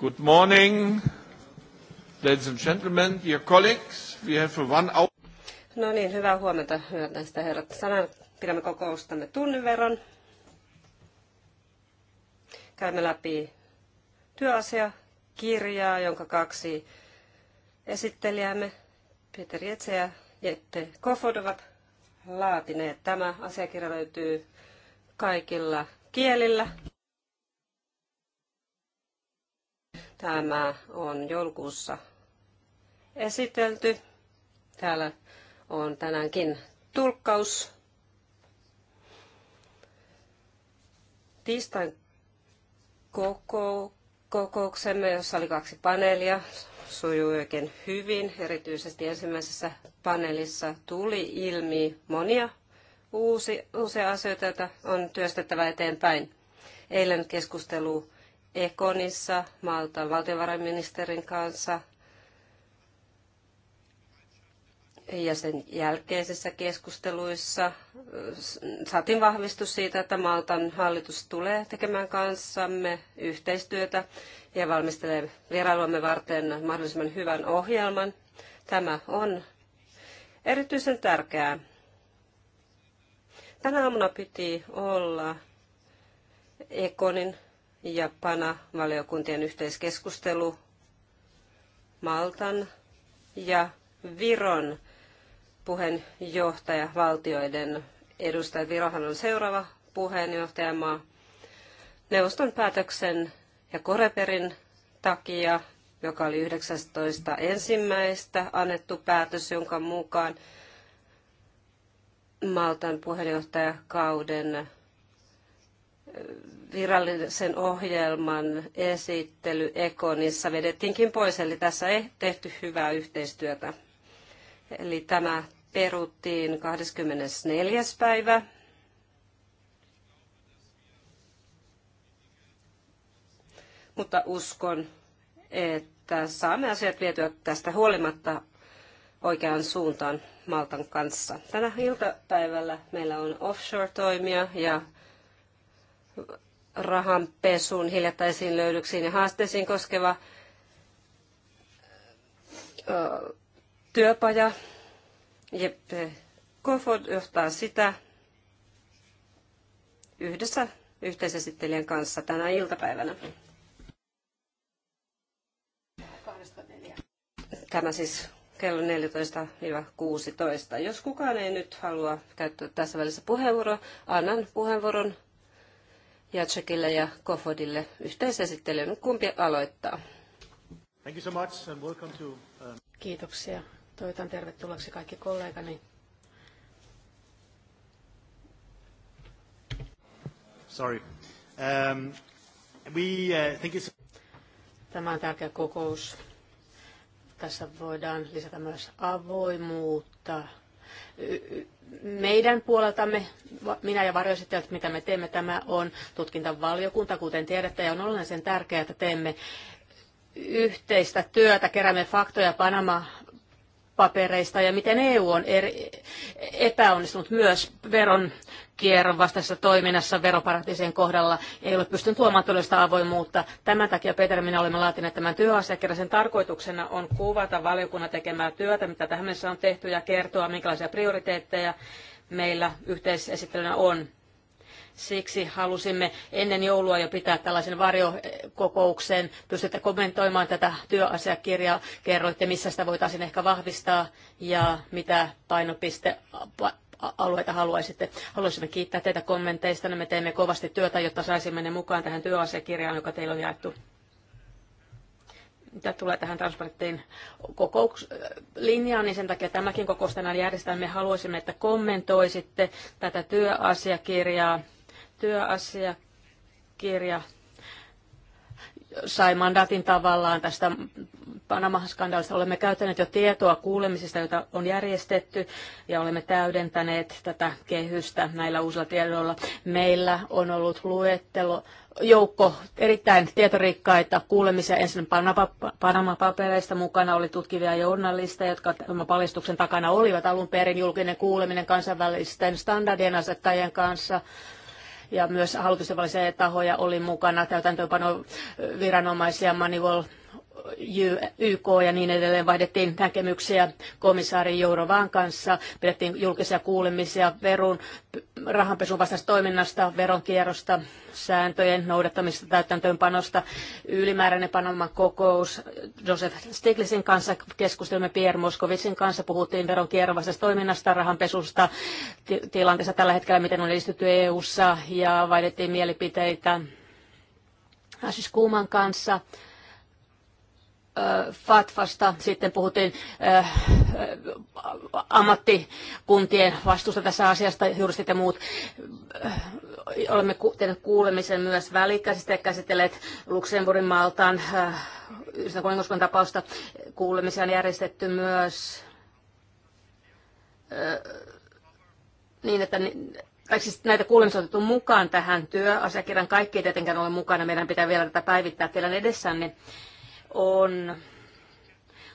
Good morning, ladies and gentlemen, dear colleagues. We have one hour. No niin, hyvää huomenta, hyvät naiset ja herrat. Sanan pidämme kokoustamme tunnin verran. Käymme läpi työasiakirjaa, jonka kaksi esittelijäämme, Peter Jetsä ja Jeppe Kofod, ovat laatineet. Tämä asiakirja löytyy kaikilla kielillä. Tämä on joulukuussa esitelty. Täällä on tänäänkin tulkkaus. Tiistain koko, kokouksemme, jossa oli kaksi paneelia, sujui oikein hyvin. Erityisesti ensimmäisessä paneelissa tuli ilmi monia uusi, uusia asioita, joita on työstettävä eteenpäin. Eilen keskustelu Ekonissa Maltan valtiovarainministerin kanssa ja sen jälkeisissä keskusteluissa äh, saatiin vahvistus siitä, että Maltan hallitus tulee tekemään kanssamme yhteistyötä ja valmistelee vierailuamme varten mahdollisimman hyvän ohjelman. Tämä on erityisen tärkeää. Tänä aamuna piti olla Ekonin ja PANA-valiokuntien yhteiskeskustelu Maltan ja Viron puheenjohtajavaltioiden edustajat. Virohan on seuraava puheenjohtajamaa. Neuvoston päätöksen ja Koreperin takia, joka oli 19. ensimmäistä annettu päätös, jonka mukaan Maltan puheenjohtajakauden virallisen ohjelman esittely Ekonissa vedettiinkin pois, eli tässä ei tehty hyvää yhteistyötä. Eli tämä peruttiin 24. päivä. Mutta uskon, että saamme asiat vietyä tästä huolimatta oikeaan suuntaan Maltan kanssa. Tänä iltapäivällä meillä on offshore-toimia ja rahanpesuun, hiljattaisiin löydöksiin ja haasteisiin koskeva työpaja. Jeppe Kofod johtaa sitä yhdessä yhteisesittelijän kanssa tänä iltapäivänä. Tämä siis kello 14-16. Jos kukaan ei nyt halua käyttää tässä välissä puheenvuoroa, annan puheenvuoron Jacekille ja Kofodille yhteisesittelyyn. Kumpi aloittaa? Thank you so much and welcome to, um... Kiitoksia. Toivotan tervetulleeksi kaikki kollegani. Sorry. Um, we, uh, think it's... Tämä on tärkeä kokous. Tässä voidaan lisätä myös avoimuutta meidän puoleltamme, minä ja varjoesittelijät, mitä me teemme, tämä on tutkintavaliokunta, kuten tiedätte, ja on olennaisen tärkeää, että teemme yhteistä työtä, keräämme faktoja Panama papereista ja miten EU on eri, epäonnistunut myös veron kierron vastaisessa toiminnassa veroparatiisien kohdalla ei ole pystynyt tuomaan todellista avoimuutta. Tämän takia Peter minä olemme laatineet tämän työasiakirjan. Sen tarkoituksena on kuvata valiokunnan tekemää työtä, mitä tähän mennessä on tehty ja kertoa, minkälaisia prioriteetteja meillä yhteisesittelynä on. Siksi halusimme ennen joulua jo pitää tällaisen varjokokouksen. Pystytte kommentoimaan tätä työasiakirjaa. Kerroitte, missä sitä voitaisiin ehkä vahvistaa ja mitä painopiste alueita haluaisitte. Haluaisimme kiittää teitä kommenteista. Me teemme kovasti työtä, jotta saisimme ne mukaan tähän työasiakirjaan, joka teillä on jaettu. Mitä tulee tähän transparenttiin kokouslinjaan, niin sen takia tämäkin kokous tänään järjestetään. Me haluaisimme, että kommentoisitte tätä työasiakirjaa työasiakirja sai mandatin tavallaan tästä Panama-skandaalista. Olemme käyttäneet jo tietoa kuulemisista, joita on järjestetty, ja olemme täydentäneet tätä kehystä näillä uusilla tiedoilla. Meillä on ollut luettelo, joukko erittäin tietorikkaita kuulemisia ensin Panama-papereista. Mukana oli tutkivia journalisteja, jotka tämän paljastuksen takana olivat alun perin julkinen kuuleminen kansainvälisten standardien asettajien kanssa – ja myös hallitustenvälisiä tahoja oli mukana, täytäntöönpano viranomaisia, Manivol YK ja niin edelleen vaihdettiin näkemyksiä komissaari Jourovaan kanssa, pidettiin julkisia kuulemisia verun, rahanpesun vastaista toiminnasta, veronkierrosta, sääntöjen noudattamista, täytäntöönpanosta, ylimääräinen Panaman kokous, Joseph Stiglisin kanssa keskustelimme Pierre Moskovitsin kanssa, puhuttiin veronkierron vastaista toiminnasta, rahanpesusta, tilanteessa tällä hetkellä, miten on edistytty EU-ssa ja vaihdettiin mielipiteitä Assis Kuuman kanssa FATFasta, sitten puhuttiin ammattikuntien vastuusta tässä asiasta, juristit ja muut. Olemme tehneet kuulemisen myös välikäisesti ja käsitelleet Luxemburgin Maltaan yhdessä tapausta. Kuulemisia on järjestetty myös niin, että siis näitä kuulemisia on otettu mukaan tähän työasiakirjan. Kaikki ei tietenkään ole mukana. Meidän pitää vielä tätä päivittää teidän edessänne. Niin on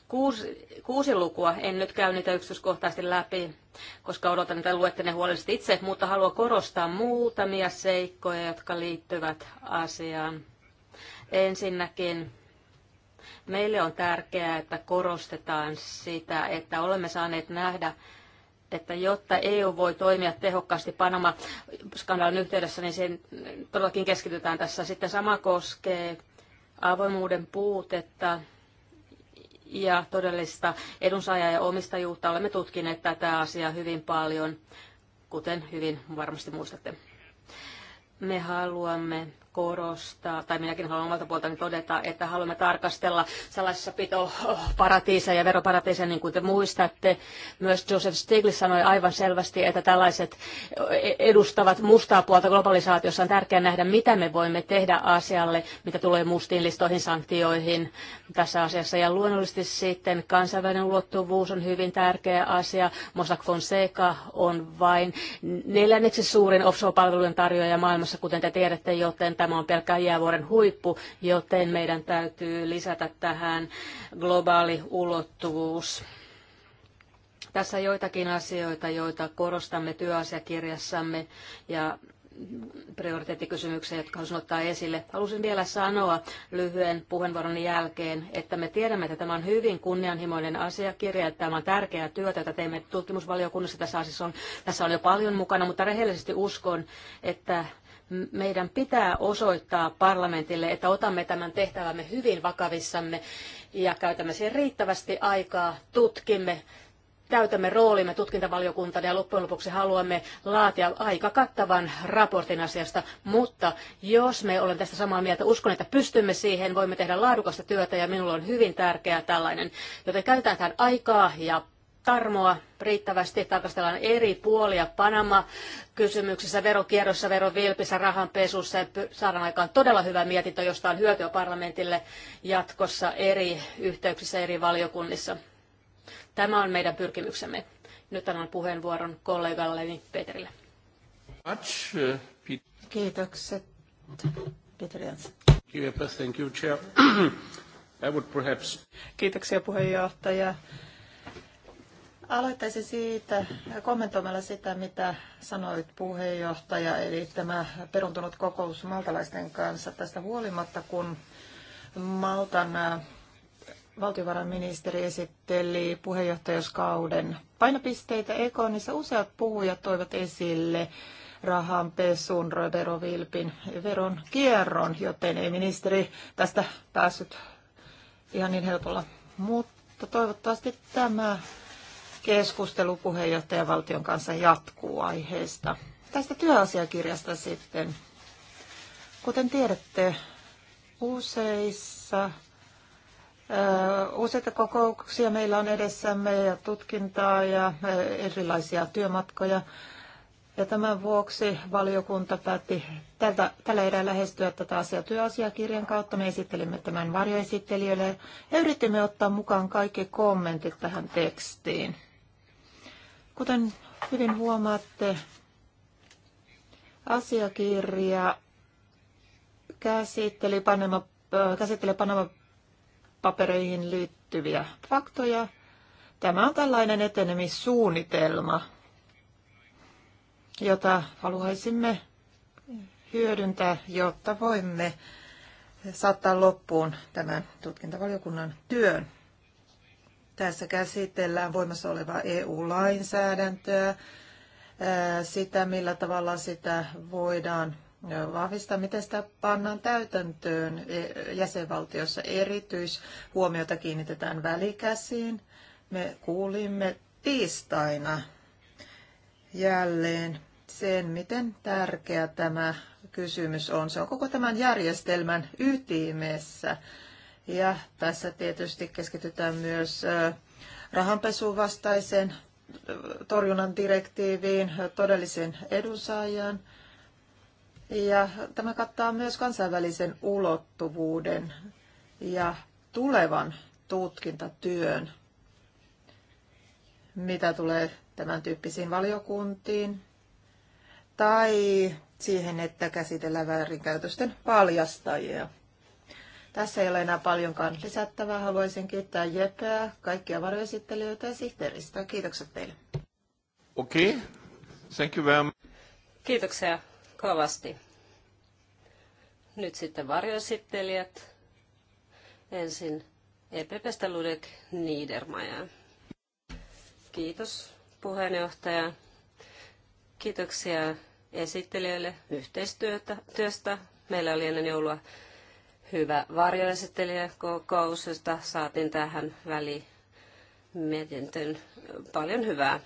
kuusi, kuusi lukua. En nyt käy niitä yksityiskohtaisesti läpi, koska odotan, että luette ne huolellisesti itse, mutta haluan korostaa muutamia seikkoja, jotka liittyvät asiaan. Ensinnäkin meille on tärkeää, että korostetaan sitä, että olemme saaneet nähdä, että jotta EU voi toimia tehokkaasti Panama-skandaalin yhteydessä, niin siihen todellakin keskitytään tässä. Sitten sama koskee avoimuuden puutetta ja todellista edunsaajaa ja omistajuutta. Olemme tutkineet tätä asiaa hyvin paljon, kuten hyvin varmasti muistatte. Me haluamme korostaa, tai minäkin haluan omalta puoltani todeta, että haluamme tarkastella sellaisissa pitoparatiiseja ja veroparatiiseja, niin kuin te muistatte. Myös Joseph Stiglitz sanoi aivan selvästi, että tällaiset edustavat mustaa puolta globalisaatiossa on tärkeää nähdä, mitä me voimme tehdä asialle, mitä tulee mustiin listoihin, sanktioihin tässä asiassa. Ja luonnollisesti sitten kansainvälinen ulottuvuus on hyvin tärkeä asia. Mossack Fonseca on vain neljänneksi suurin offshore-palvelujen tarjoaja maailmassa, kuten te tiedätte, joten tämä on pelkkä jäävuoren huippu, joten meidän täytyy lisätä tähän globaali ulottuvuus. Tässä joitakin asioita, joita korostamme työasiakirjassamme ja prioriteettikysymyksiä, jotka haluaisin ottaa esille. Halusin vielä sanoa lyhyen puheenvuoron jälkeen, että me tiedämme, että tämä on hyvin kunnianhimoinen asiakirja, että tämä on tärkeää työtä, jota teemme tutkimusvaliokunnassa. Tässä on, tässä on jo paljon mukana, mutta rehellisesti uskon, että meidän pitää osoittaa parlamentille, että otamme tämän tehtävämme hyvin vakavissamme ja käytämme siihen riittävästi aikaa, tutkimme, täytämme roolimme tutkintavaliokuntana ja loppujen lopuksi haluamme laatia aika kattavan raportin asiasta, mutta jos me olemme tästä samaa mieltä, uskon, että pystymme siihen, voimme tehdä laadukasta työtä ja minulla on hyvin tärkeää tällainen, joten käytetään tähän aikaa ja tarmoa riittävästi, tarkastellaan eri puolia Panama-kysymyksissä, verokierrossa, verovilpissä, rahanpesussa ja saadaan aikaan todella hyvä mietintö, josta on hyötyä parlamentille jatkossa eri yhteyksissä, eri valiokunnissa. Tämä on meidän pyrkimyksemme. Nyt annan puheenvuoron kollegalleni Peterille. Kiitokset. Peter Jansson. I would perhaps... Kiitoksia puheenjohtaja. Aloittaisin siitä kommentoimalla sitä, mitä sanoit puheenjohtaja, eli tämä peruntunut kokous maltalaisten kanssa tästä huolimatta, kun Maltan valtiovarainministeri esitteli puheenjohtajuuskauden painopisteitä Ekonissa. Useat puhujat toivat esille pesun, verovilpin ja veron kierron, joten ei ministeri tästä päässyt ihan niin helpolla. Mutta toivottavasti tämä keskustelu valtion kanssa jatkuu aiheesta. Tästä työasiakirjasta sitten. Kuten tiedätte, useissa Useita kokouksia meillä on edessämme ja tutkintaa ja erilaisia työmatkoja. Ja tämän vuoksi valiokunta päätti tältä, tällä erää lähestyä tätä asiaa työasiakirjan kautta. Me esittelimme tämän varjoesittelijöille ja yritimme ottaa mukaan kaikki kommentit tähän tekstiin. Kuten hyvin huomaatte, asiakirja käsitteli Panama, käsitteli Panama papereihin liittyviä faktoja. Tämä on tällainen etenemissuunnitelma, jota haluaisimme hyödyntää, jotta voimme saattaa loppuun tämän tutkintavaliokunnan työn. Tässä käsitellään voimassa olevaa EU-lainsäädäntöä, sitä millä tavalla sitä voidaan vahvistaa, miten sitä pannaan täytäntöön e-, jäsenvaltiossa. Erityishuomiota kiinnitetään välikäsiin. Me kuulimme tiistaina jälleen sen, miten tärkeä tämä kysymys on. Se on koko tämän järjestelmän ytimessä. Ja tässä tietysti keskitytään myös rahanpesuun vastaiseen torjunnan direktiiviin, todellisen edunsaajan. Ja tämä kattaa myös kansainvälisen ulottuvuuden ja tulevan tutkintatyön, mitä tulee tämän tyyppisiin valiokuntiin tai siihen, että käsitellään väärinkäytösten paljastajia. Tässä ei ole enää paljonkaan lisättävää. Haluaisin kiittää Jepeä, kaikkia varjoesittelijöitä ja sihteeristä. Kiitokset teille. Okei. Okay. Thank you very much. Kiitoksia kovasti. Nyt sitten varjoesittelijät. Ensin EPPstä Ludek Niedermaja. Kiitos puheenjohtaja. Kiitoksia esittelijöille yhteistyöstä. Meillä oli ennen joulua hyvä varjoesittelijä, josta saatiin tähän välimietintön paljon hyvää.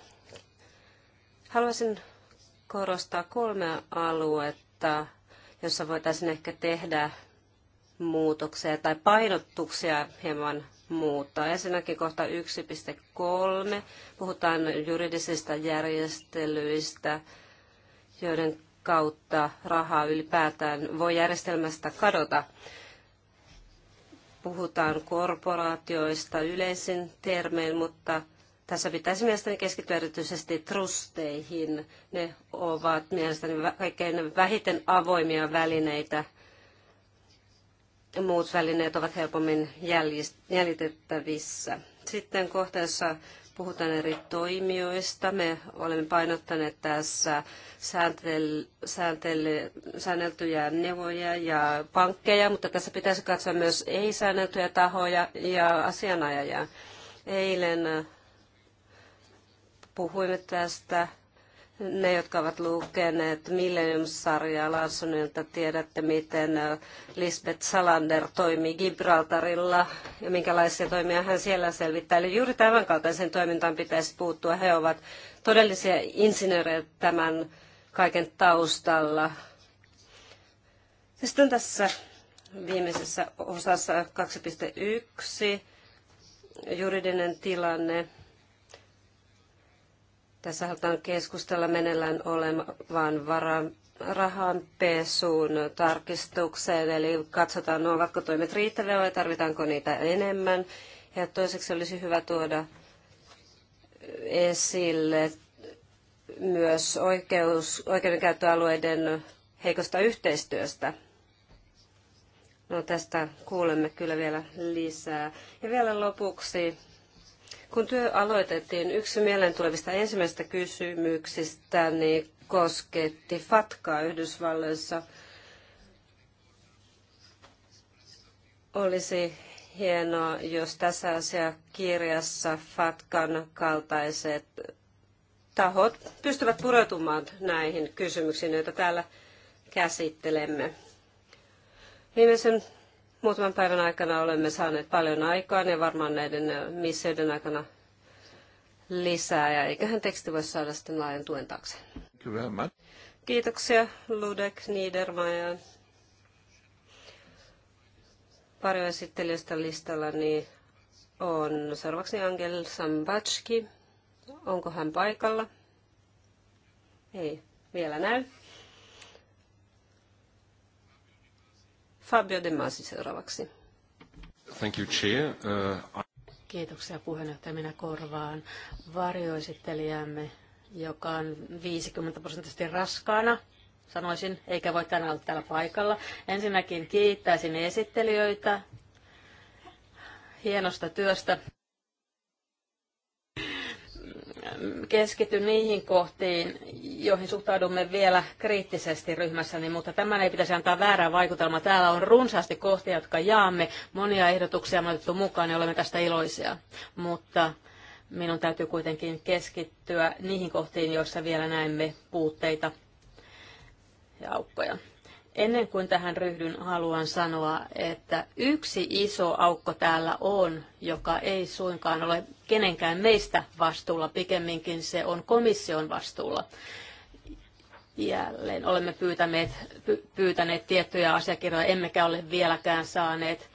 Haluaisin korostaa kolme aluetta, jossa voitaisiin ehkä tehdä muutoksia tai painotuksia hieman muuttaa. Ensinnäkin kohta 1.3 puhutaan juridisista järjestelyistä, joiden kautta rahaa ylipäätään voi järjestelmästä kadota puhutaan korporaatioista yleisin termein, mutta tässä pitäisi mielestäni keskittyä erityisesti trusteihin. Ne ovat mielestäni kaikkein vähiten avoimia välineitä. Muut välineet ovat helpommin jäljitettävissä. Sitten kohteessa puhutaan eri toimijoista. Me olemme painottaneet tässä sääntel, säänneltyjä neuvoja ja pankkeja, mutta tässä pitäisi katsoa myös ei-säänneltyjä tahoja ja asianajajia. Eilen puhuimme tästä ne, jotka ovat lukeneet Millennium-sarjaa Larssonilta, tiedätte, miten Lisbeth Salander toimii Gibraltarilla ja minkälaisia toimia hän siellä selvittää. Eli juuri tämän kaltaisen toimintaan pitäisi puuttua. He ovat todellisia insinöörejä tämän kaiken taustalla. sitten tässä viimeisessä osassa 2.1 juridinen tilanne. Tässä halutaan keskustella meneillään olevan varan pesuun tarkistukseen, eli katsotaan, ovatko toimet riittäviä vai tarvitaanko niitä enemmän. Ja toiseksi olisi hyvä tuoda esille myös oikeus, oikeudenkäyttöalueiden heikosta yhteistyöstä. No tästä kuulemme kyllä vielä lisää. Ja vielä lopuksi kun työ aloitettiin, yksi mieleen tulevista ensimmäistä kysymyksistä niin kosketti Fatkaa Yhdysvalloissa. Olisi hienoa, jos tässä asiakirjassa Fatkan kaltaiset tahot pystyvät pureutumaan näihin kysymyksiin, joita täällä käsittelemme. Viimeisen Muutaman päivän aikana olemme saaneet paljon aikaa ja varmaan näiden missioiden aikana lisää ja eiköhän teksti voi saada sitten laajan tuen taakse. Kiitoksia Ludek Niedermayer. Pari esittelijöistä listalla niin on seuraavaksi Angel Sambatski. Onko hän paikalla? Ei vielä näy. Fabio De Masi seuraavaksi. Thank you, Chair. Uh, I... Kiitoksia puheenjohtaja. Minä korvaan varjoesittelijämme, joka on 50 prosenttisesti raskaana sanoisin, eikä voi tänään olla täällä paikalla. Ensinnäkin kiittäisin esittelijöitä hienosta työstä keskity niihin kohtiin, joihin suhtaudumme vielä kriittisesti ryhmässäni, mutta tämän ei pitäisi antaa väärää vaikutelmaa. Täällä on runsaasti kohtia, jotka jaamme. Monia ehdotuksia on otettu mukaan ja olemme tästä iloisia. Mutta minun täytyy kuitenkin keskittyä niihin kohtiin, joissa vielä näemme puutteita ja aukkoja. Ennen kuin tähän ryhdyn, haluan sanoa, että yksi iso aukko täällä on, joka ei suinkaan ole kenenkään meistä vastuulla, pikemminkin se on komission vastuulla. Jälleen olemme pyytäneet, pyytäneet tiettyjä asiakirjoja, emmekä ole vieläkään saaneet,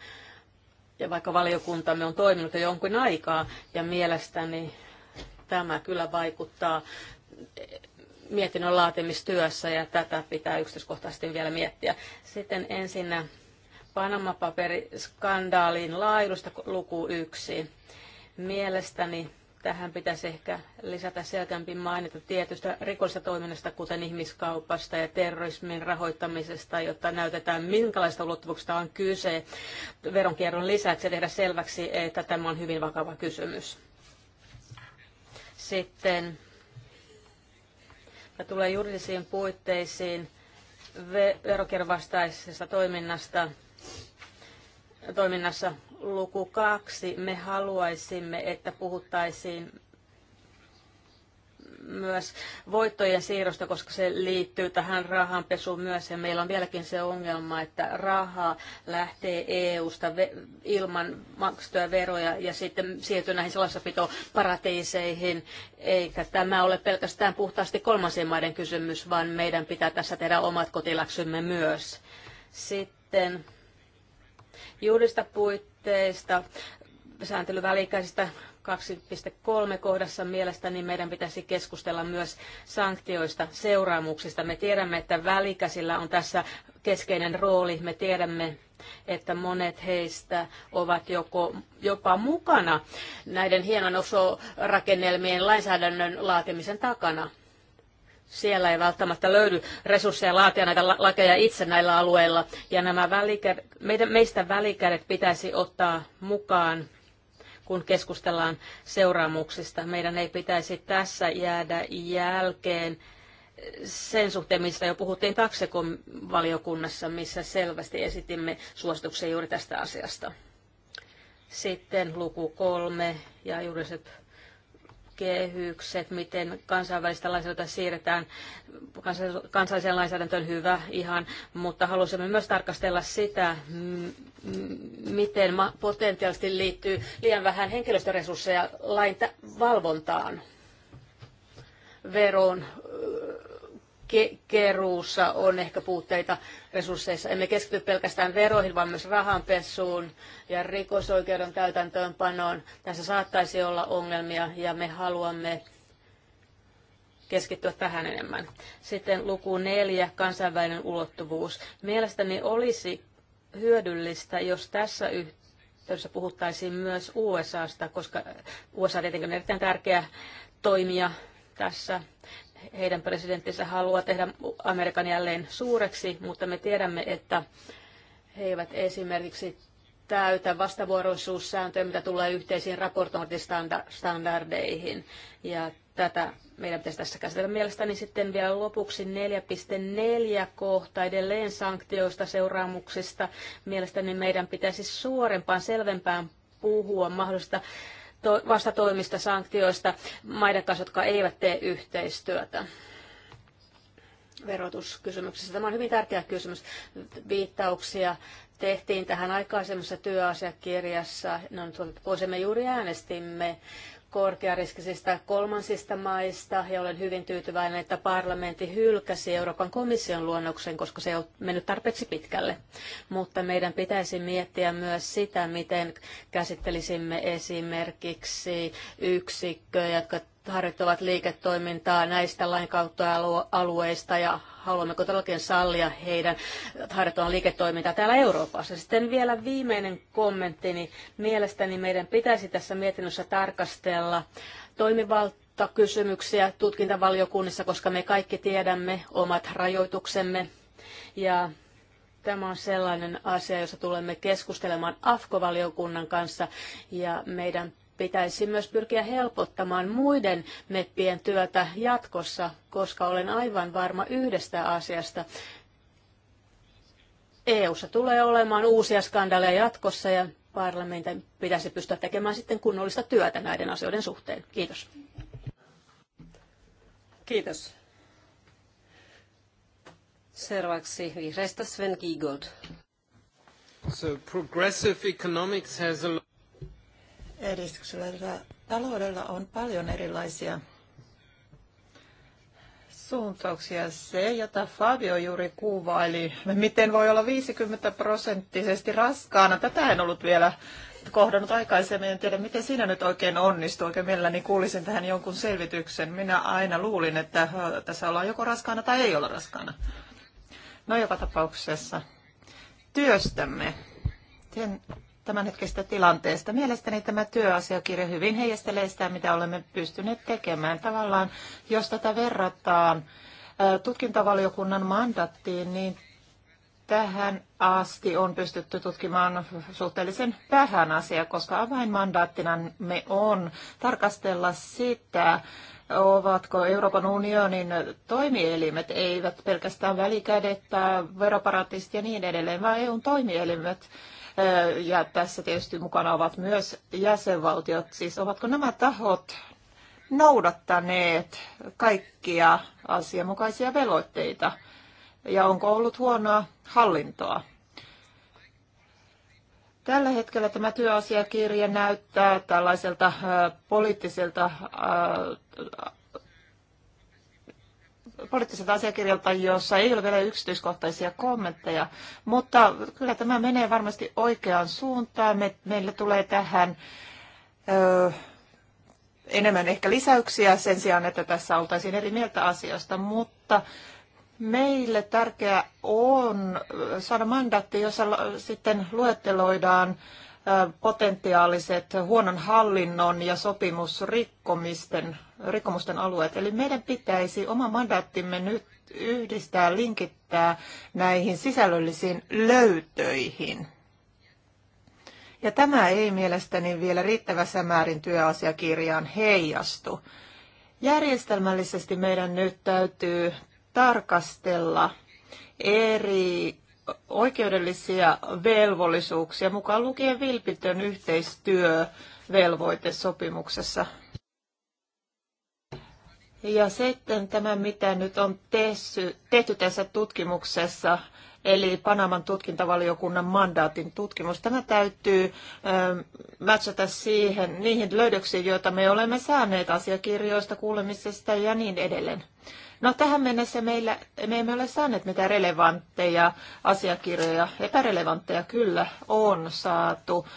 ja vaikka valiokuntamme on toiminut jo jonkun aikaa, ja mielestäni tämä kyllä vaikuttaa mietinnön laatimistyössä ja tätä pitää yksityiskohtaisesti vielä miettiä. Sitten ensin Panama-paperiskandaalin laajuudesta luku yksi. Mielestäni tähän pitäisi ehkä lisätä selkeämpi mainita tietystä rikollisesta toiminnasta, kuten ihmiskaupasta ja terrorismin rahoittamisesta, jotta näytetään, minkälaista ulottuvuuksista on kyse veronkierron lisäksi ja tehdä selväksi, että tämä on hyvin vakava kysymys. Sitten ja tulee juridisiin puitteisiin verokirvastaisesta toiminnasta, toiminnassa luku kaksi. Me haluaisimme, että puhuttaisiin myös voittojen siirrosta, koska se liittyy tähän rahanpesuun myös. Ja meillä on vieläkin se ongelma, että rahaa lähtee EU-sta ilman maksettuja veroja ja sitten siirtyy näihin salassapitoparatiiseihin. Eikä tämä ole pelkästään puhtaasti kolmansien maiden kysymys, vaan meidän pitää tässä tehdä omat kotiläksymme myös. Sitten juurista puitteista sääntelyvälikäisistä 2.3 kohdassa mielestäni meidän pitäisi keskustella myös sanktioista, seuraamuksista. Me tiedämme, että välikäsillä on tässä keskeinen rooli. Me tiedämme, että monet heistä ovat joko, jopa mukana näiden hienon oso lainsäädännön laatimisen takana. Siellä ei välttämättä löydy resursseja laatia näitä lakeja itse näillä alueilla. Ja nämä välikä, meidän, meistä välikädet pitäisi ottaa mukaan kun keskustellaan seuraamuksista. Meidän ei pitäisi tässä jäädä jälkeen sen suhteen, mistä jo puhuttiin taksekon valiokunnassa, missä selvästi esitimme suosituksen juuri tästä asiasta. Sitten luku kolme ja se kehykset, miten kansainvälistä lainsäädäntöä siirretään kansalliseen lainsäädäntöön hyvä ihan, mutta halusimme myös tarkastella sitä, miten potentiaalisesti liittyy liian vähän henkilöstöresursseja lain valvontaan veron ke- keruussa on ehkä puutteita resursseissa. Emme keskity pelkästään veroihin, vaan myös rahanpesuun ja rikosoikeuden täytäntöönpanoon. Tässä saattaisi olla ongelmia ja me haluamme keskittyä tähän enemmän. Sitten luku neljä, kansainvälinen ulottuvuus. Mielestäni olisi hyödyllistä, jos tässä yhteydessä puhuttaisiin myös USAsta, koska USA on tietenkin erittäin tärkeä toimija tässä heidän presidenttinsä haluaa tehdä Amerikan jälleen suureksi, mutta me tiedämme, että he eivät esimerkiksi täytä vastavuoroisuussääntöjä, mitä tulee yhteisiin raportointistandardeihin. Ja tätä meidän pitäisi tässä käsitellä mielestäni sitten vielä lopuksi 4.4 kohta edelleen sanktioista, seuraamuksista. Mielestäni meidän pitäisi suorempaan, selvempään puhua mahdollista to- vastatoimista, sanktioista maiden kanssa, jotka eivät tee yhteistyötä verotuskysymyksessä. Tämä on hyvin tärkeä kysymys. Viittauksia tehtiin tähän aikaisemmassa työasiakirjassa. No nyt pois me juuri äänestimme korkeariskisistä kolmansista maista ja olen hyvin tyytyväinen, että parlamentti hylkäsi Euroopan komission luonnoksen, koska se ei mennyt tarpeeksi pitkälle. Mutta meidän pitäisi miettiä myös sitä, miten käsittelisimme esimerkiksi yksikköjä, jotka harjoittavat liiketoimintaa näistä lainkautta-alueista ja haluammeko todellakin sallia heidän harjoittavan liiketoimintaa täällä Euroopassa. Sitten vielä viimeinen kommentti niin Mielestäni meidän pitäisi tässä mietinnössä tarkastella toimivalta kysymyksiä tutkintavaliokunnissa, koska me kaikki tiedämme omat rajoituksemme ja tämä on sellainen asia, jossa tulemme keskustelemaan AFKO-valiokunnan kanssa ja meidän pitäisi myös pyrkiä helpottamaan muiden meppien työtä jatkossa, koska olen aivan varma yhdestä asiasta. EUssa tulee olemaan uusia skandaaleja jatkossa ja parlamentin pitäisi pystyä tekemään sitten kunnollista työtä näiden asioiden suhteen. Kiitos. Kiitos. Seuraavaksi vihreistä Sven Giegold. So progressive economics has a edistyksellä. Taloudella on paljon erilaisia suuntauksia. Se, jota Fabio juuri kuvaili, miten voi olla 50 prosenttisesti raskaana, tätä en ollut vielä kohdannut aikaisemmin. En tiedä, miten siinä nyt oikein onnistuu. Oikein mielelläni kuulisin tähän jonkun selvityksen. Minä aina luulin, että tässä ollaan joko raskaana tai ei olla raskaana. No joka tapauksessa työstämme tämänhetkisestä tilanteesta. Mielestäni tämä työasiakirja hyvin heijastelee sitä, mitä olemme pystyneet tekemään. Tavallaan, jos tätä verrataan tutkintavaliokunnan mandattiin, niin tähän asti on pystytty tutkimaan suhteellisen vähän asiaa, koska avainmandaattina me on tarkastella sitä, ovatko Euroopan unionin toimielimet, eivät pelkästään välikädet, veroparatist ja niin edelleen, vaan EUn toimielimet ja tässä tietysti mukana ovat myös jäsenvaltiot, siis ovatko nämä tahot noudattaneet kaikkia asianmukaisia veloitteita ja onko ollut huonoa hallintoa? Tällä hetkellä tämä työasiakirja näyttää tällaiselta poliittiselta poliittiselta asiakirjalta, jossa ei ole vielä yksityiskohtaisia kommentteja, mutta kyllä tämä menee varmasti oikeaan suuntaan. Me, meillä tulee tähän ö, enemmän ehkä lisäyksiä sen sijaan, että tässä oltaisiin eri mieltä asiasta, mutta meille tärkeää on saada mandaatti, jossa sitten luetteloidaan potentiaaliset huonon hallinnon ja sopimusrikkomisten rikkomusten alueet. Eli meidän pitäisi oma mandaattimme nyt yhdistää, linkittää näihin sisällöllisiin löytöihin. Ja tämä ei mielestäni vielä riittävässä määrin työasiakirjaan heijastu. Järjestelmällisesti meidän nyt täytyy tarkastella eri oikeudellisia velvollisuuksia, mukaan lukien vilpitön yhteistyö velvoitesopimuksessa. Ja sitten tämä, mitä nyt on tehty, tehty tässä tutkimuksessa, eli Panaman tutkintavaliokunnan mandaatin tutkimus. Tämä täytyy ähm, mätsätä siihen, niihin löydöksiin, joita me olemme saaneet asiakirjoista, kuulemisesta ja niin edelleen. No tähän mennessä meillä, me emme ole saaneet mitään relevantteja asiakirjoja. Epärelevantteja kyllä on saatu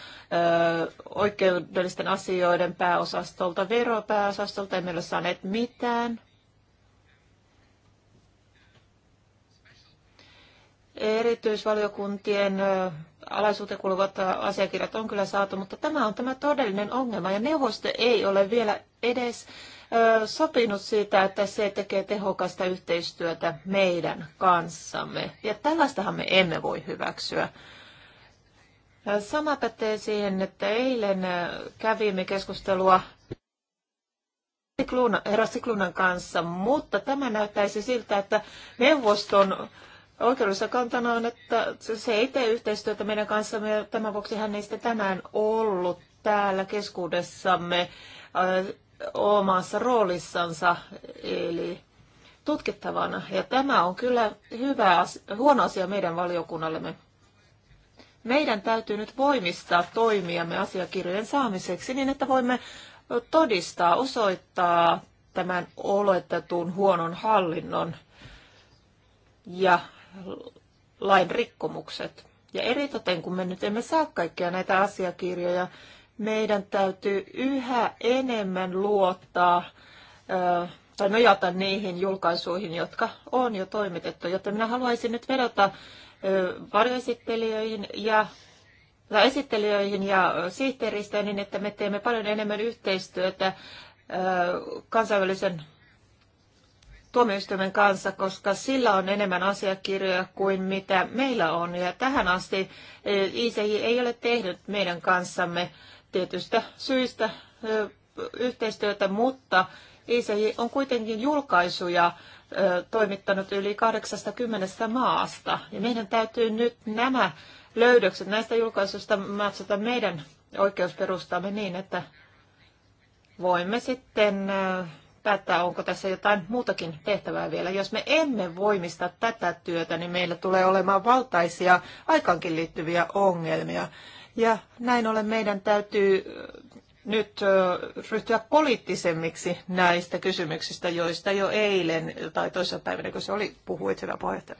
ö, oikeudellisten asioiden pääosastolta, veropääosastolta. Emme ole saaneet mitään. Erityisvaliokuntien alaisuuteen kuuluvat asiakirjat on kyllä saatu, mutta tämä on tämä todellinen ongelma ja neuvosto ei ole vielä edes sopinut siitä, että se tekee tehokasta yhteistyötä meidän kanssamme. Ja tällaistahan me emme voi hyväksyä. Sama pätee siihen, että eilen kävimme keskustelua Herra kanssa, mutta tämä näyttäisi siltä, että neuvoston oikeudessa kantana on, että se ei tee yhteistyötä meidän kanssamme tämän vuoksi hän ei sitä tänään ollut täällä keskuudessamme omassa roolissansa, eli tutkittavana. Ja tämä on kyllä hyvä asia, huono asia meidän valiokunnallemme. Meidän täytyy nyt voimistaa toimiamme asiakirjojen saamiseksi niin, että voimme todistaa, osoittaa tämän oletetun huonon hallinnon ja lain rikkomukset. Ja eritoten, kun me nyt emme saa kaikkia näitä asiakirjoja, meidän täytyy yhä enemmän luottaa tai nojata niihin julkaisuihin, jotka on jo toimitettu. Joten minä haluaisin nyt vedota varjoesittelijöihin ja tai esittelijöihin ja sihteeristöön niin, että me teemme paljon enemmän yhteistyötä kansainvälisen tuomioistuimen kanssa, koska sillä on enemmän asiakirjoja kuin mitä meillä on. Ja tähän asti ICI ei ole tehnyt meidän kanssamme tietystä syistä yhteistyötä, mutta ICI on kuitenkin julkaisuja toimittanut yli 80 maasta. Ja meidän täytyy nyt nämä löydökset näistä julkaisuista matsata meidän oikeusperustamme niin, että voimme sitten päättää, onko tässä jotain muutakin tehtävää vielä. Jos me emme voimista tätä työtä, niin meillä tulee olemaan valtaisia aikaankin liittyviä ongelmia. Ja näin ollen meidän täytyy nyt ryhtyä poliittisemmiksi näistä kysymyksistä, joista jo eilen tai toisessa päivänä, kun se oli, puhuit, hyvä puheenjohtaja.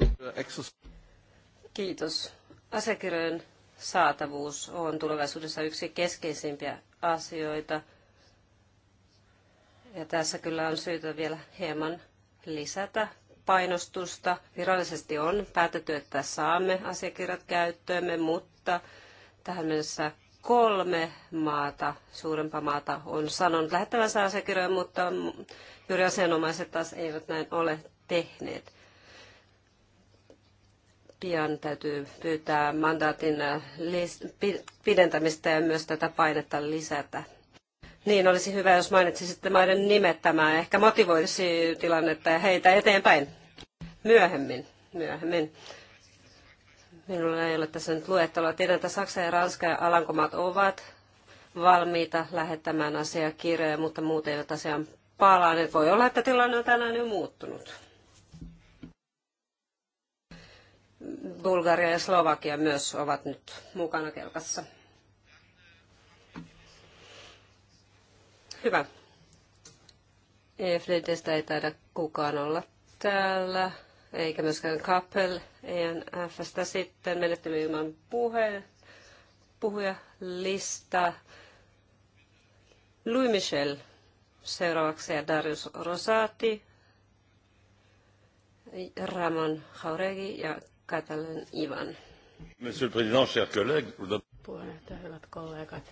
Kiitos. Asiakirjojen saatavuus on tulevaisuudessa yksi keskeisimpiä asioita. Ja tässä kyllä on syytä vielä hieman lisätä painostusta. Virallisesti on päätetty, että saamme asiakirjat käyttöömme, mutta Tähän mennessä kolme maata, suurempaa maata, on sanonut lähettävänsä asiakirjoja, mutta juuri asianomaiset taas eivät näin ole tehneet. Pian täytyy pyytää mandaatin pidentämistä ja myös tätä painetta lisätä. Niin, olisi hyvä, jos mainitsisitte maiden nimet. Tämä ehkä motivoisi tilannetta ja heitä eteenpäin myöhemmin. myöhemmin. Minulla ei ole tässä nyt luettelua. Tiedän, että Saksa ja Ranska ja Alankomaat ovat valmiita lähettämään asiakirjoja, mutta muut eivät asiaan palaa. Nyt voi olla, että tilanne on tänään jo muuttunut. Bulgaria ja Slovakia myös ovat nyt mukana kelkassa. Hyvä. EFLDstä ei taida kukaan olla täällä eikä myöskään Kappel ENFstä. Sitten menettely ilman puhe, puhujalista. Louis Michel seuraavaksi ja Darius Rosati, Ramon Jauregi ja Katalin Ivan. Monsieur le Président, chers collègues, puheenjohtaja, hyvät kollegat.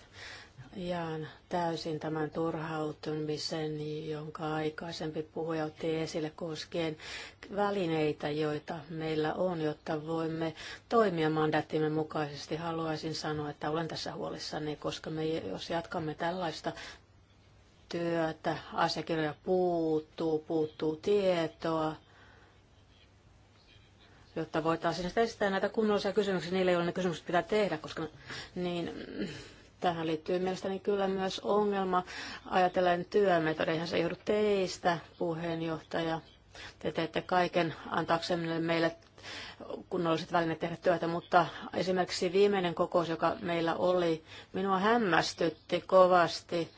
Jaan täysin tämän turhautumisen, jonka aikaisempi puhuja otti esille koskien välineitä, joita meillä on, jotta voimme toimia mandaattimme mukaisesti. Haluaisin sanoa, että olen tässä huolissani, koska me, jos jatkamme tällaista työtä, asiakirjoja puuttuu, puuttuu tietoa, jotta voitaisiin esittää näitä kunnollisia kysymyksiä niille, joille ne kysymykset pitää tehdä, koska niin Tähän liittyy mielestäni kyllä myös ongelma. Ajatellen työmetodeja, se johdu teistä, puheenjohtaja. Te teette kaiken antaaksemme meille kunnolliset välineet tehdä työtä, mutta esimerkiksi viimeinen kokous, joka meillä oli, minua hämmästytti kovasti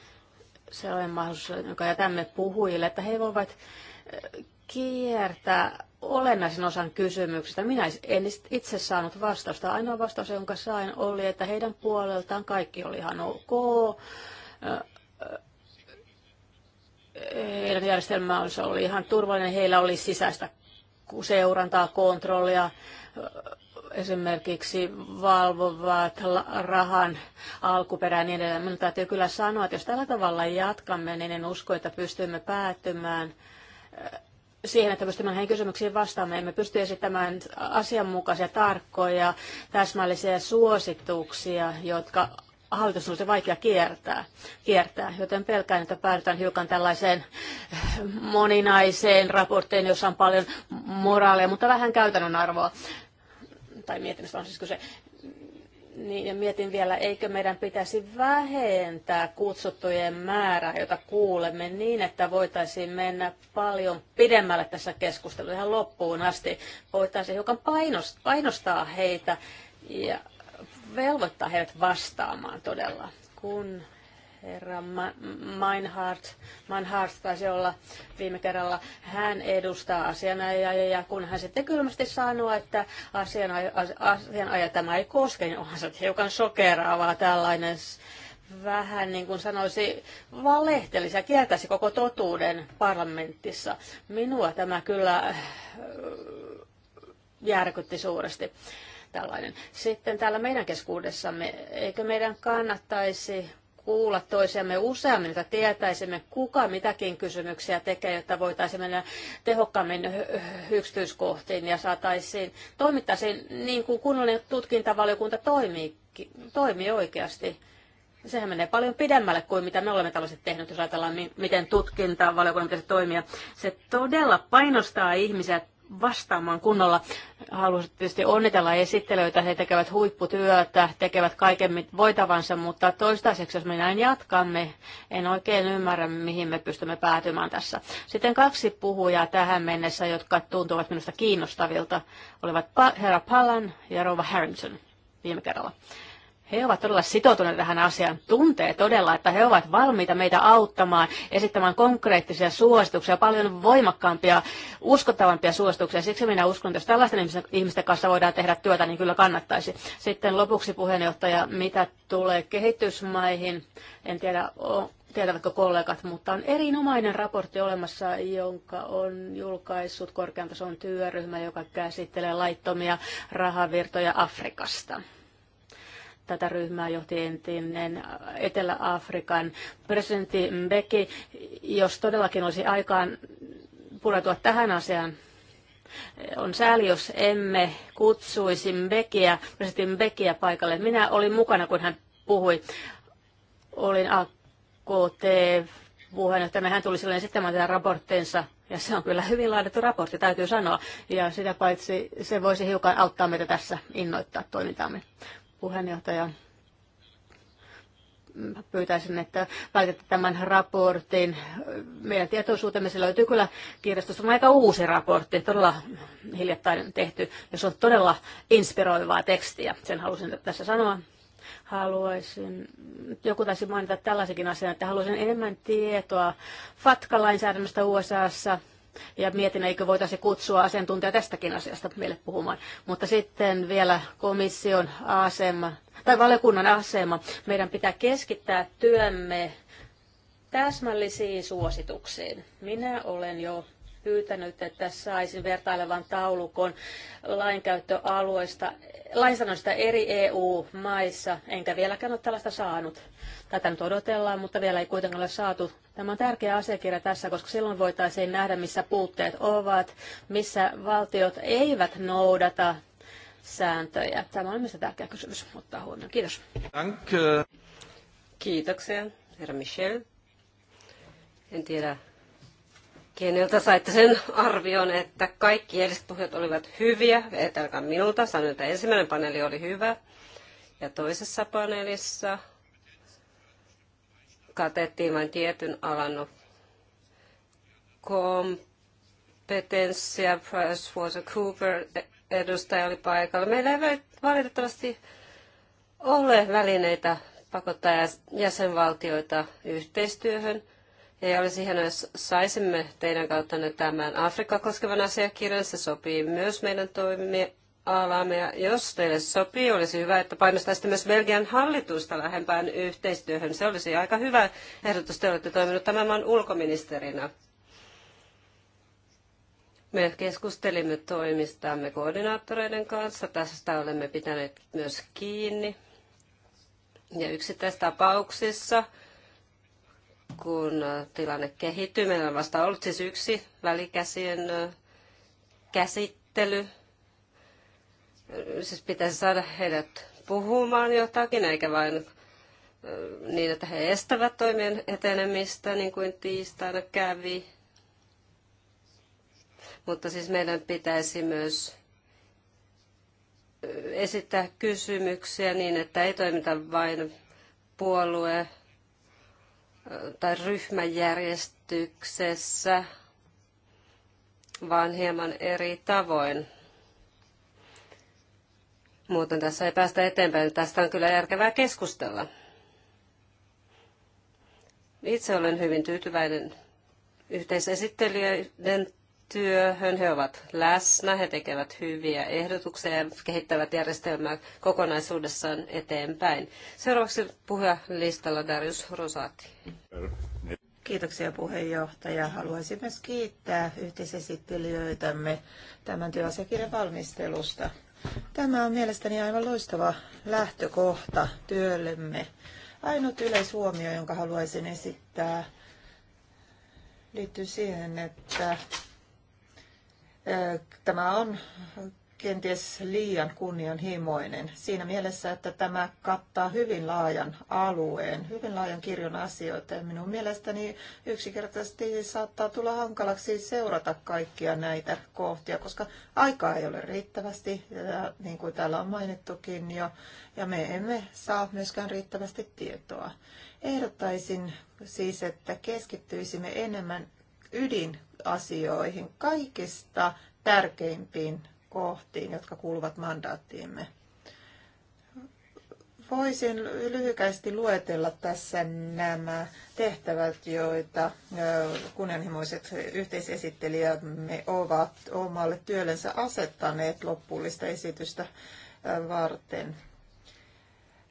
sellainen mahdollisuus, joka jätämme puhujille, että he voivat eh, kiertää olennaisen osan kysymyksistä. Minä en itse saanut vastausta. Ainoa vastaus, jonka sain, oli, että heidän puoleltaan kaikki oli ihan ok. Heidän järjestelmänsä oli ihan turvallinen. Heillä oli sisäistä seurantaa, kontrollia, esimerkiksi valvovat rahan alkuperää ja niin edelleen. Minun täytyy kyllä sanoa, että jos tällä tavalla jatkamme, niin en usko, että pystymme päättymään siihen, että pystymme näihin kysymyksiin vastaamaan. Emme pysty esittämään asianmukaisia, tarkkoja, täsmällisiä suosituksia, jotka hallitus olisi vaikea kiertää, kiertää, joten pelkään, että päädytään hiukan tällaiseen moninaiseen raporttiin, jossa on paljon moraalia, mutta vähän käytännön arvoa tai mietinnöstä on siis kyse. Niin, ja mietin vielä, eikö meidän pitäisi vähentää kutsuttujen määrää, jota kuulemme, niin että voitaisiin mennä paljon pidemmälle tässä keskustelussa ihan loppuun asti. Voitaisiin hiukan painostaa heitä ja velvoittaa heidät vastaamaan todella. Kun herra Meinhardt, Meinhardt taisi olla viime kerralla, hän edustaa asianajajia ja kun hän sitten kylmästi sanoi, että asianajaja, asianajaja tämä ei koske, niin onhan se hiukan sokeraavaa tällainen vähän niin kuin sanoisi valehtelisi ja kieltäisi koko totuuden parlamentissa. Minua tämä kyllä äh, järkytti suuresti tällainen. Sitten täällä meidän keskuudessamme, eikö meidän kannattaisi kuulla toisiamme useammin, että tietäisimme, kuka mitäkin kysymyksiä tekee, jotta voitaisiin mennä tehokkaammin yksityiskohtiin ja saataisiin toimittaisiin niin kuin kunnollinen tutkintavaliokunta toimii, toimii oikeasti. Sehän menee paljon pidemmälle kuin mitä me olemme tällaiset tehneet, jos ajatellaan, miten tutkintavaliokunnan pitäisi toimia. Se todella painostaa ihmisiä vastaamaan kunnolla. Haluaisin tietysti onnitella esittelyitä, he tekevät huipputyötä, tekevät kaiken voitavansa, mutta toistaiseksi, jos me näin jatkamme, en oikein ymmärrä, mihin me pystymme päätymään tässä. Sitten kaksi puhujaa tähän mennessä, jotka tuntuvat minusta kiinnostavilta, olivat herra Pallan ja rouva Harrington viime kerralla he ovat todella sitoutuneet tähän asiaan, tuntee todella, että he ovat valmiita meitä auttamaan, esittämään konkreettisia suosituksia, paljon voimakkaampia, uskottavampia suosituksia. Siksi minä uskon, että jos tällaisten ihmisten kanssa voidaan tehdä työtä, niin kyllä kannattaisi. Sitten lopuksi puheenjohtaja, mitä tulee kehitysmaihin, en tiedä, tietävätkö kollegat, mutta on erinomainen raportti olemassa, jonka on julkaissut korkean tason työryhmä, joka käsittelee laittomia rahavirtoja Afrikasta. Tätä ryhmää johti entinen Etelä-Afrikan presidentti Mbeki. Jos todellakin olisi aikaan pureutua tähän asiaan, on sääli, jos emme kutsuisi Mbekiä, presidentti Mbekiä paikalle. Minä olin mukana, kun hän puhui. Olin AKT puheenjohtajana. Hän tuli silloin esittämään tämän raporttinsa ja se on kyllä hyvin laadittu raportti, täytyy sanoa. Ja sitä paitsi se voisi hiukan auttaa meitä tässä innoittaa toimintaamme puheenjohtaja. Pyytäisin, että laitatte tämän raportin. Meidän tietoisuutemme se löytyy kyllä kirjastosta. On aika uusi raportti, todella hiljattain tehty, ja se on todella inspiroivaa tekstiä. Sen halusin tässä sanoa haluaisin, joku taisi mainita tällaisenkin asian, että haluaisin enemmän tietoa FATKA-lainsäädännöstä USAssa ja mietin, eikö voitaisi kutsua asiantuntija tästäkin asiasta meille puhumaan. Mutta sitten vielä komission asema, tai valiokunnan asema. Meidän pitää keskittää työmme täsmällisiin suosituksiin. Minä olen jo pyytänyt, että saisin vertailevan taulukon lainkäyttöalueista, lainsäädännöstä eri EU-maissa, enkä vieläkään ole tällaista saanut. Tätä nyt odotellaan, mutta vielä ei kuitenkaan ole saatu. Tämä on tärkeä asiakirja tässä, koska silloin voitaisiin nähdä, missä puutteet ovat, missä valtiot eivät noudata sääntöjä. Tämä on myös tärkeä kysymys ottaa huomioon. Kiitos. Danke. Kiitoksia, herra Michel. En tiedä, keneltä saitte sen arvion, että kaikki edelliset puhujat olivat hyviä, etelkään minulta, sanoin, että ensimmäinen paneeli oli hyvä, ja toisessa paneelissa katettiin vain tietyn alan kompetenssia, Cooper edustaja oli paikalla. Meillä ei valitettavasti ole välineitä pakottaa jäsenvaltioita yhteistyöhön – ja olisi hienoa, jos saisimme teidän kautta tämän Afrikkaa koskevan asiakirjan. Se sopii myös meidän toimialaamme. Ja jos teille sopii, olisi hyvä, että painostaisitte myös Belgian hallitusta lähempään yhteistyöhön. Se olisi aika hyvä ehdotus. Te olette toiminut tämän maan ulkoministerinä. Me keskustelimme toimistamme koordinaattoreiden kanssa. Tästä olemme pitäneet myös kiinni. Ja yksittäistapauksissa tapauksissa kun tilanne kehittyy. Meillä on vasta ollut siis yksi välikäsien käsittely. Siis pitäisi saada heidät puhumaan jotakin, eikä vain niin, että he estävät toimien etenemistä, niin kuin tiistaina kävi. Mutta siis meidän pitäisi myös esittää kysymyksiä niin, että ei toimita vain puolue tai ryhmäjärjestyksessä, vaan hieman eri tavoin. Muuten tässä ei päästä eteenpäin. Tästä on kyllä järkevää keskustella. Itse olen hyvin tyytyväinen yhteisesittelijöiden työhön. He ovat läsnä, he tekevät hyviä ehdotuksia ja kehittävät järjestelmää kokonaisuudessaan eteenpäin. Seuraavaksi puhuja listalla Darius Rosati. Kiitoksia puheenjohtaja. Haluaisin myös kiittää yhteisesittelijöitämme tämän työasiakirjan valmistelusta. Tämä on mielestäni aivan loistava lähtökohta työllemme. Ainut yleishuomio, jonka haluaisin esittää, liittyy siihen, että Tämä on kenties liian kunnianhimoinen siinä mielessä, että tämä kattaa hyvin laajan alueen, hyvin laajan kirjon asioita. Ja minun mielestäni yksinkertaisesti saattaa tulla hankalaksi seurata kaikkia näitä kohtia, koska aikaa ei ole riittävästi, ja niin kuin täällä on mainittukin jo, ja me emme saa myöskään riittävästi tietoa. Ehdottaisin siis, että keskittyisimme enemmän ydinasioihin, kaikista tärkeimpiin kohtiin, jotka kuuluvat mandaattiimme. Voisin lyhykäisesti luetella tässä nämä tehtävät, joita kunnianhimoiset yhteisesittelijämme ovat omalle työllensä asettaneet lopullista esitystä varten.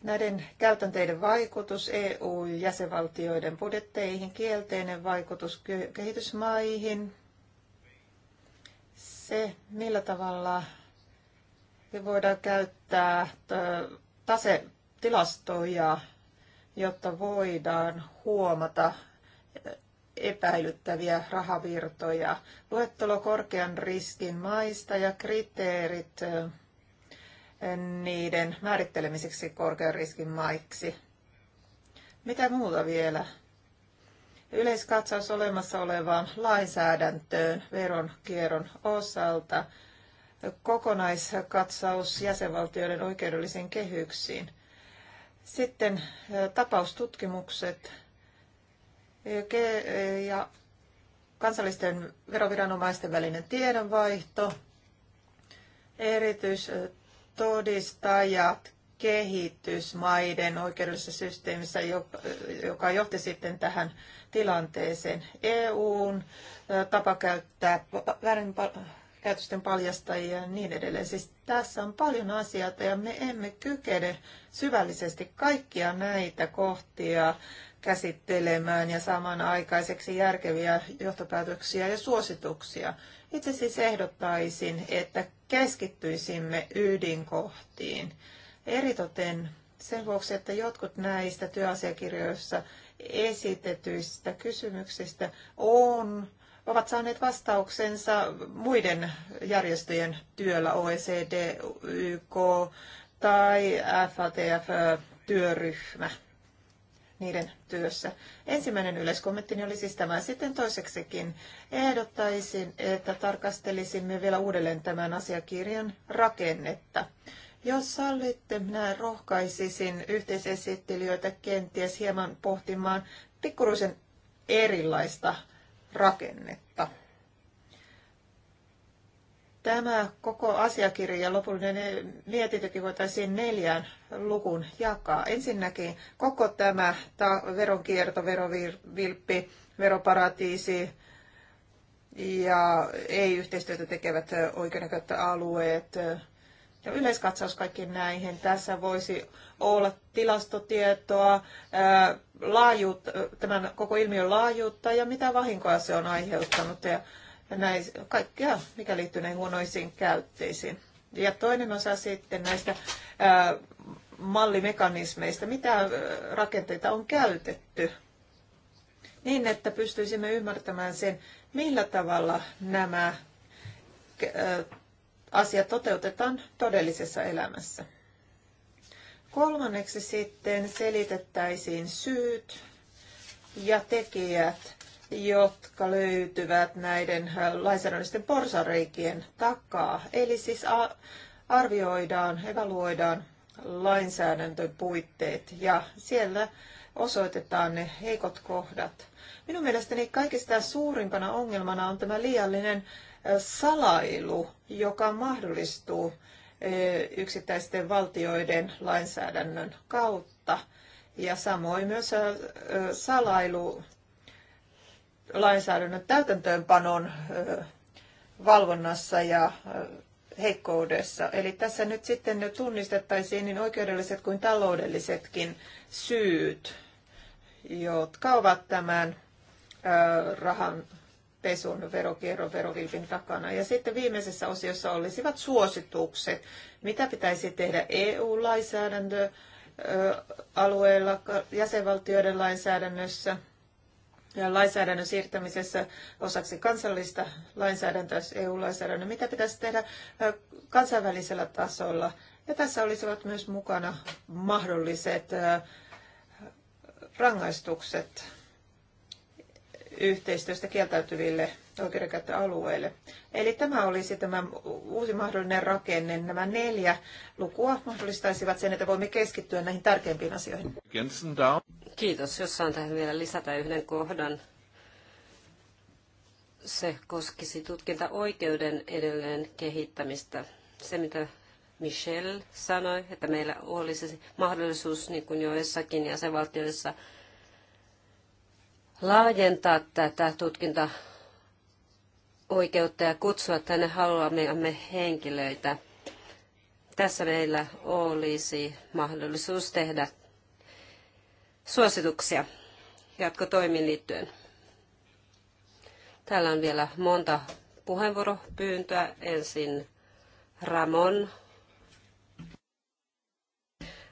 Näiden käytänteiden vaikutus EU-jäsenvaltioiden budjetteihin, kielteinen vaikutus kehitysmaihin, se millä tavalla me voidaan käyttää tasetilastoja, jotta voidaan huomata epäilyttäviä rahavirtoja. Luettelo korkean riskin maista ja kriteerit niiden määrittelemiseksi korkean riskin maiksi. Mitä muuta vielä? Yleiskatsaus olemassa olevaan lainsäädäntöön veronkierron osalta, kokonaiskatsaus jäsenvaltioiden oikeudellisiin kehyksiin. Sitten tapaustutkimukset ja kansallisten veroviranomaisten välinen tiedonvaihto, erityis todistajat kehitysmaiden oikeudellisessa systeemissä, joka johti sitten tähän tilanteeseen. EUn tapa käyttää väärinkäytösten paljastajia ja niin edelleen. Siis tässä on paljon asioita ja me emme kykene syvällisesti kaikkia näitä kohtia käsittelemään ja saamaan aikaiseksi järkeviä johtopäätöksiä ja suosituksia. Itse siis ehdottaisin, että keskittyisimme ydinkohtiin. Eritoten sen vuoksi, että jotkut näistä työasiakirjoissa esitetyistä kysymyksistä on, ovat saaneet vastauksensa muiden järjestöjen työllä, OECD, YK tai FATF-työryhmä niiden työssä. Ensimmäinen yleiskommenttini oli siis tämä. Sitten toiseksikin ehdottaisin, että tarkastelisimme vielä uudelleen tämän asiakirjan rakennetta. Jos sallitte, minä rohkaisisin yhteisesittelijöitä kenties hieman pohtimaan pikkuruisen erilaista rakennetta tämä koko asiakirja ja lopullinen mietintökin voitaisiin neljään lukuun jakaa. Ensinnäkin koko tämä ta- veronkierto, verovilppi, veroparatiisi ja ei-yhteistyötä tekevät alueet. ja yleiskatsaus kaikkiin näihin. Tässä voisi olla tilastotietoa, laajuutta, tämän koko ilmiön laajuutta ja mitä vahinkoa se on aiheuttanut. Ja näin, kaikkea, mikä liittyy näihin huonoisiin käytteisiin. Ja toinen osa sitten näistä ää, mallimekanismeista, mitä rakenteita on käytetty, niin että pystyisimme ymmärtämään sen, millä tavalla nämä asiat toteutetaan todellisessa elämässä. Kolmanneksi sitten selitettäisiin syyt ja tekijät jotka löytyvät näiden äh, lainsäädännöllisten porsareikien takaa. Eli siis arvioidaan, evaluoidaan lainsäädäntöpuitteet ja siellä osoitetaan ne heikot kohdat. Minun mielestäni kaikista suurimpana ongelmana on tämä liiallinen äh, salailu, joka mahdollistuu äh, yksittäisten valtioiden lainsäädännön kautta. Ja samoin myös salailu lainsäädännön täytäntöönpanon valvonnassa ja heikkoudessa. Eli tässä nyt sitten jo tunnistettaisiin niin oikeudelliset kuin taloudellisetkin syyt, jotka ovat tämän rahan pesun, verokierron, verovilpin takana. Ja sitten viimeisessä osiossa olisivat suositukset, mitä pitäisi tehdä EU-lainsäädäntö alueella, jäsenvaltioiden lainsäädännössä – lainsäädännön siirtämisessä osaksi kansallista lainsäädäntöä, EU-lainsäädännön, mitä pitäisi tehdä kansainvälisellä tasolla. Ja tässä olisivat myös mukana mahdolliset rangaistukset yhteistyöstä kieltäytyville oikeudenkäyttöalueille. Eli tämä olisi tämä uusi mahdollinen rakenne. Nämä neljä lukua mahdollistaisivat sen, että voimme keskittyä näihin tärkeimpiin asioihin. Kiitos. Jos saan tähän vielä lisätä yhden kohdan. Se koskisi tutkintaoikeuden edelleen kehittämistä. Se, mitä Michel sanoi, että meillä olisi mahdollisuus, niin kuin joissakin jäsenvaltioissa, valtioissa laajentaa tätä tutkinta oikeutta ja kutsua tänne haluamme henkilöitä. Tässä meillä olisi mahdollisuus tehdä suosituksia jatkotoimiin liittyen. Täällä on vielä monta puheenvuoropyyntöä. Ensin Ramon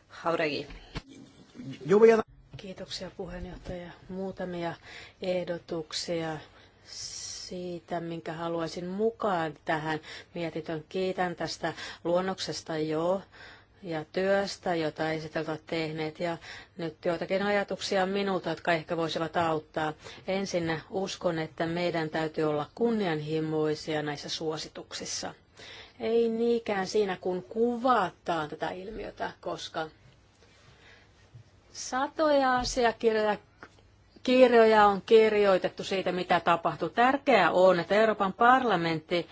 Hauregi. Kiitoksia puheenjohtaja. Muutamia ehdotuksia siitä, minkä haluaisin mukaan tähän mietitön. Kiitän tästä luonnoksesta jo ja työstä, jota esiteltä ovat tehneet, ja nyt joitakin ajatuksia minulta, jotka ehkä voisivat auttaa. Ensin uskon, että meidän täytyy olla kunnianhimoisia näissä suosituksissa. Ei niinkään siinä, kun kuvataan tätä ilmiötä, koska Satoja asiakirjoja kirjoja on kirjoitettu siitä, mitä tapahtuu. Tärkeää on, että Euroopan parlamentti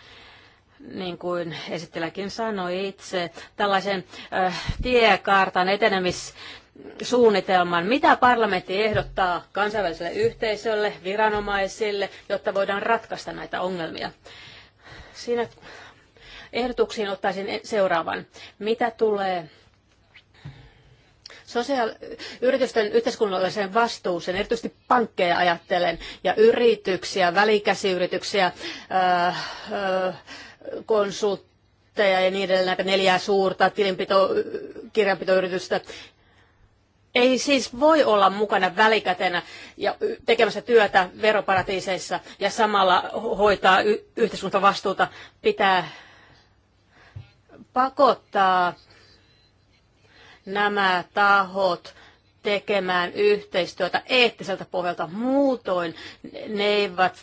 niin kuin esitteläkin sanoi itse, tällaisen äh, tiekartan etenemissuunnitelman, mitä parlamentti ehdottaa kansainväliselle yhteisölle, viranomaisille, jotta voidaan ratkaista näitä ongelmia. Siinä ehdotuksiin ottaisin e- seuraavan. Mitä tulee sosiaal- yritysten yhteiskunnalliseen vastuuseen, erityisesti pankkeja ajattelen, ja yrityksiä, välikäsiyrityksiä, äh, äh, konsultteja ja niin edelleen, näitä neljää suurta tilinpito, kirjanpitoyritystä, ei siis voi olla mukana välikätenä ja tekemässä työtä veroparatiiseissa ja samalla hoitaa y- yhteiskuntavastuuta. Pitää pakottaa nämä tahot tekemään yhteistyötä eettiseltä pohjalta. Muutoin ne eivät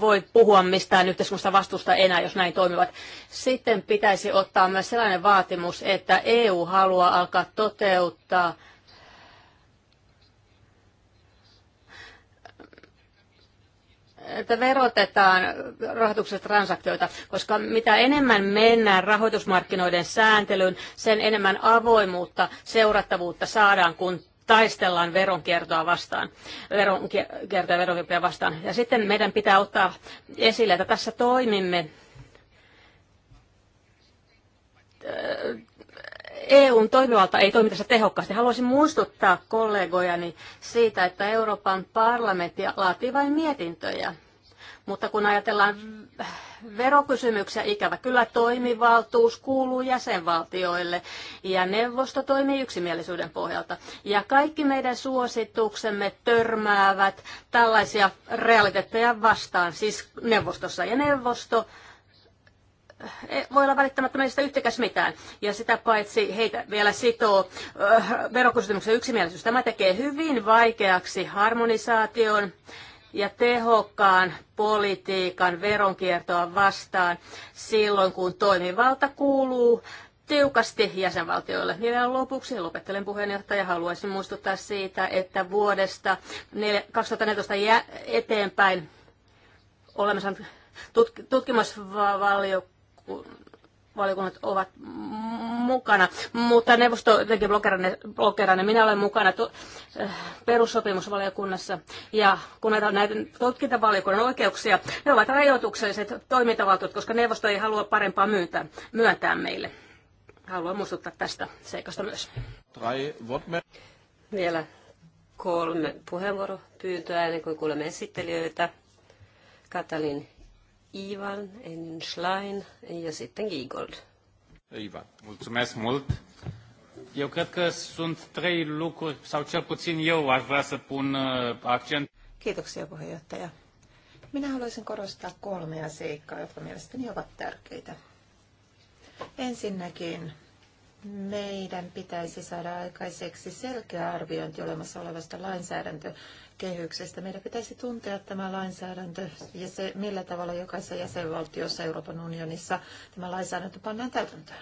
voi puhua mistään yhteiskunnasta vastuusta enää, jos näin toimivat. Sitten pitäisi ottaa myös sellainen vaatimus, että EU haluaa alkaa toteuttaa – että verotetaan rahoituksesta transaktioita, koska mitä enemmän mennään rahoitusmarkkinoiden sääntelyyn, sen enemmän avoimuutta, seurattavuutta saadaan, kun taistellaan veronkiertoa vastaan, veronkierto ja veronkiertoa vastaan. Ja sitten meidän pitää ottaa esille, että tässä toimimme EUn toimivalta ei toimi tässä tehokkaasti. Haluaisin muistuttaa kollegojani siitä, että Euroopan parlamentti laatii vain mietintöjä. Mutta kun ajatellaan verokysymyksiä, ikävä kyllä toimivaltuus kuuluu jäsenvaltioille ja neuvosto toimii yksimielisyyden pohjalta. Ja kaikki meidän suosituksemme törmäävät tällaisia realiteetteja vastaan, siis neuvostossa. Ja neuvosto voi olla välittämättä meistä yhtäkäs mitään. Ja sitä paitsi heitä vielä sitoo äh, verokysymyksen yksimielisyys. Tämä tekee hyvin vaikeaksi harmonisaation ja tehokkaan politiikan veronkiertoa vastaan silloin, kun toimivalta kuuluu tiukasti jäsenvaltioille. Ja vielä lopuksi lopettelen puheenjohtaja. Haluaisin muistuttaa siitä, että vuodesta 2014 eteenpäin olemme saaneet tutkimusvaliokunnan valiokunnat ovat mukana, mutta neuvosto jotenkin blokeranne. Minä olen mukana tu- äh, perussopimusvaliokunnassa ja kun näitä, näitä tutkintavaliokunnan oikeuksia, ne ovat rajoitukselliset toimintavaltuut, koska neuvosto ei halua parempaa myyntää, myöntää meille. Haluan muistuttaa tästä seikasta myös. Vielä kolme puheenvuoropyyntöä ennen kuin kuulemme esittelijöitä. Katalin Ivan, enin Schlein ja sitten Giegold. Ivan, mulțumesc mult. Eu cred că sunt trei lucruri, sau cel puțin eu aș vrea să pun uh, accent. Kiitoksia puheenjohtaja. Minä haluaisin korostaa kolmea seikkaa, jotka mielestäni ovat tärkeitä. Ensinnäkin meidän pitäisi saada aikaiseksi selkeä arviointi olemassa olevasta lainsäädäntökehyksestä. Meidän pitäisi tuntea tämä lainsäädäntö ja se, millä tavalla jokaisessa jäsenvaltiossa Euroopan unionissa tämä lainsäädäntö pannaan täytäntöön.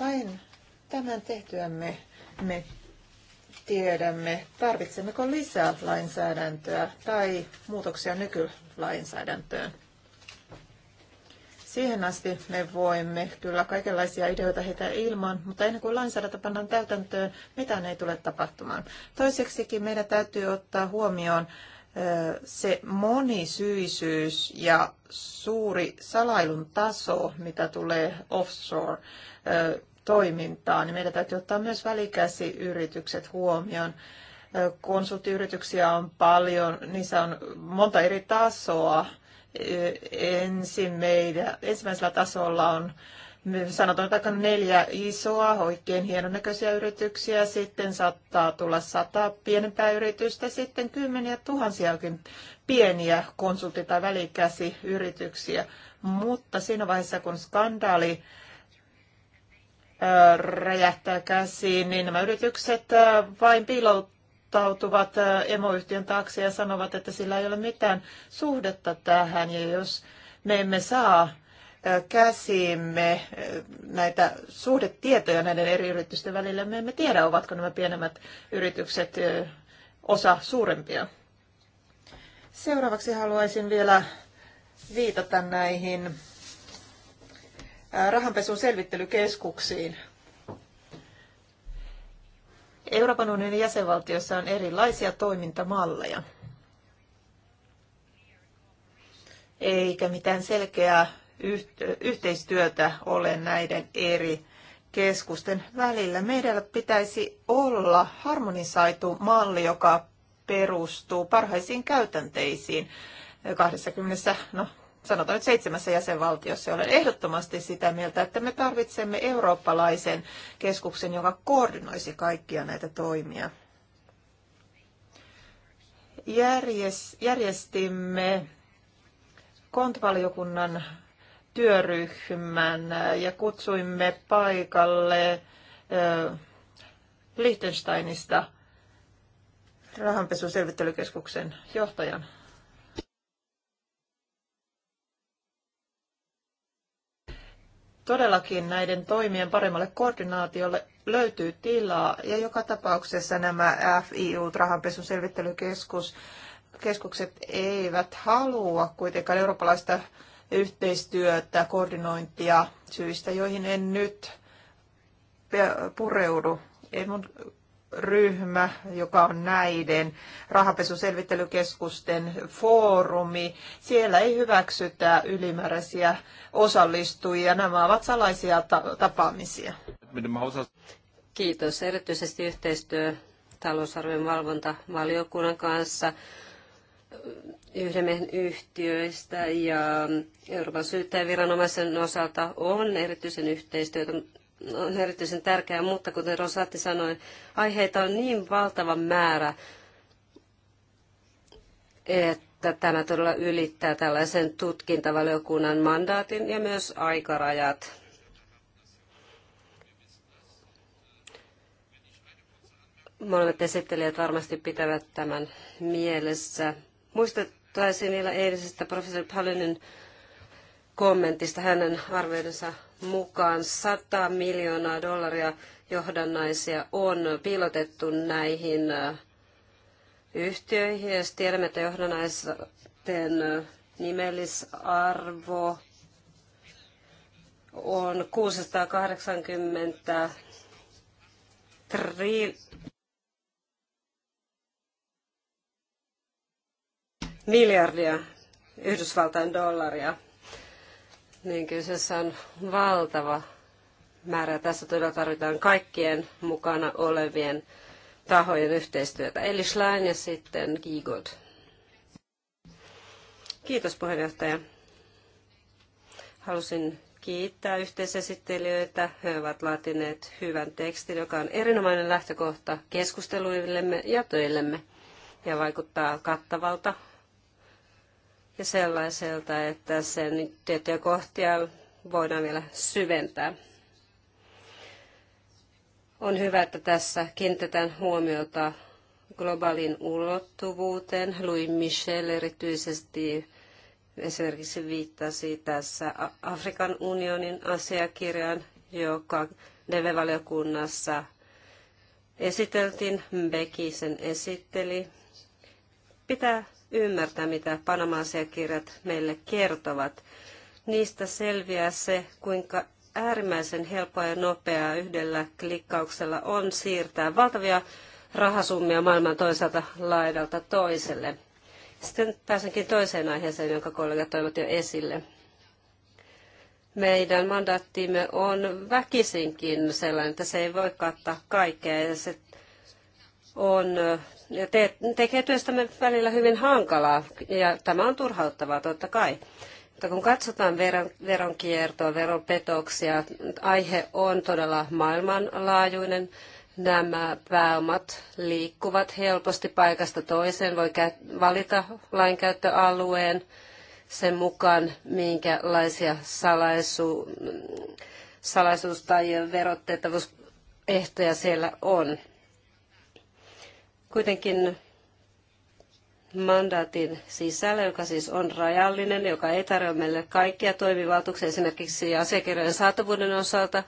Vain tämän tehtyämme me tiedämme, tarvitsemmeko lisää lainsäädäntöä tai muutoksia nykylainsäädäntöön. Siihen asti me voimme kyllä kaikenlaisia ideoita heitä ilman, mutta ennen kuin lainsäädäntö pannaan täytäntöön, mitään ei tule tapahtumaan. Toiseksikin meidän täytyy ottaa huomioon se monisyisyys ja suuri salailun taso, mitä tulee offshore toimintaan, niin meidän täytyy ottaa myös välikäsiyritykset huomioon. Konsulttiyrityksiä on paljon, niissä on monta eri tasoa ensin meidän, ensimmäisellä tasolla on sanotaan vaikka neljä isoa, oikein hienon näköisiä yrityksiä, sitten saattaa tulla sata pienempää yritystä, sitten kymmeniä tuhansiakin pieniä konsultti- tai välikäsiyrityksiä. Mutta siinä vaiheessa, kun skandaali räjähtää käsiin, niin nämä yritykset vain piilouttavat asettautuvat äh, emoyhtiön taakse ja sanovat, että sillä ei ole mitään suhdetta tähän. Ja jos me emme saa äh, käsiimme äh, näitä suhdetietoja näiden eri yritysten välillä, me emme tiedä, ovatko nämä pienemmät yritykset osa suurempia. Seuraavaksi haluaisin vielä viitata näihin rahanpesun selvittelykeskuksiin. Euroopan unionin jäsenvaltioissa on erilaisia toimintamalleja. Eikä mitään selkeää yhteistyötä ole näiden eri keskusten välillä. Meidän pitäisi olla harmonisaitu malli, joka perustuu parhaisiin käytänteisiin 20, no sanotaan nyt seitsemässä jäsenvaltiossa, olen ehdottomasti sitä mieltä, että me tarvitsemme eurooppalaisen keskuksen, joka koordinoisi kaikkia näitä toimia. järjestimme kontvaliokunnan työryhmän äh, ja kutsuimme paikalle äh, Liechtensteinista rahanpesuselvittelykeskuksen johtajan todellakin näiden toimien paremmalle koordinaatiolle löytyy tilaa. Ja joka tapauksessa nämä FIU, rahanpesun selvittelykeskus, keskukset eivät halua kuitenkaan eurooppalaista yhteistyötä, koordinointia syistä, joihin en nyt pureudu. Ei mun ryhmä, joka on näiden rahapesuselvittelykeskusten foorumi. Siellä ei hyväksytä ylimääräisiä osallistujia. Nämä ovat salaisia ta- tapaamisia. Kiitos. Erityisesti yhteistyö talousarvion valvontavaliokunnan kanssa yhden yhtiöistä ja Euroopan syyttäjäviranomaisen osalta on erityisen yhteistyötä on erityisen tärkeää, mutta kuten Rosatti sanoi, aiheita on niin valtava määrä, että tämä todella ylittää tällaisen tutkintavaliokunnan mandaatin ja myös aikarajat. Molemmat esittelijät varmasti pitävät tämän mielessä. Muistettaisiin vielä eilisestä professori Palinin kommentista hänen arvioidensa mukaan 100 miljoonaa dollaria johdannaisia on piilotettu näihin äh, yhtiöihin. Ja tiedämme, että johdannaisten äh, nimellisarvo on 680 tri- miljardia Yhdysvaltain dollaria niin kyseessä on valtava määrä. Tässä todella tarvitaan kaikkien mukana olevien tahojen yhteistyötä. Eli Schlein ja sitten Giegold. Kiitos puheenjohtaja. Halusin kiittää yhteisesittelijöitä. He ovat laatineet hyvän tekstin, joka on erinomainen lähtökohta keskusteluillemme ja töillemme ja vaikuttaa kattavalta ja sellaiselta, että sen tiettyjä kohtia voidaan vielä syventää. On hyvä, että tässä kiinnitetään huomiota globaalin ulottuvuuteen. Louis Michel erityisesti esimerkiksi viittasi tässä Afrikan unionin asiakirjaan, joka DEVE-valiokunnassa esiteltiin, Beki sen esitteli. Pitää ymmärtää, mitä Panama-asiakirjat meille kertovat. Niistä selviää se, kuinka äärimmäisen helppoa ja nopeaa yhdellä klikkauksella on siirtää valtavia rahasummia maailman toiselta laidalta toiselle. Sitten pääsenkin toiseen aiheeseen, jonka kollegat toivat jo esille. Meidän mandaattimme on väkisinkin sellainen, että se ei voi kattaa kaikkea ja se on ja te, tekee työstämme välillä hyvin hankalaa, ja tämä on turhauttavaa totta kai. Mutta kun katsotaan veron, veronkiertoa, veropetoksia, aihe on todella maailmanlaajuinen. Nämä pääomat liikkuvat helposti paikasta toiseen, voi valita lainkäyttöalueen sen mukaan, minkälaisia salaisu, salaisuus- tai verottettavuusehtoja siellä on. Kuitenkin mandaatin sisällä, joka siis on rajallinen, joka ei tarjoa meille kaikkia toimivaltuuksia esimerkiksi asiakirjojen saatavuuden osalta,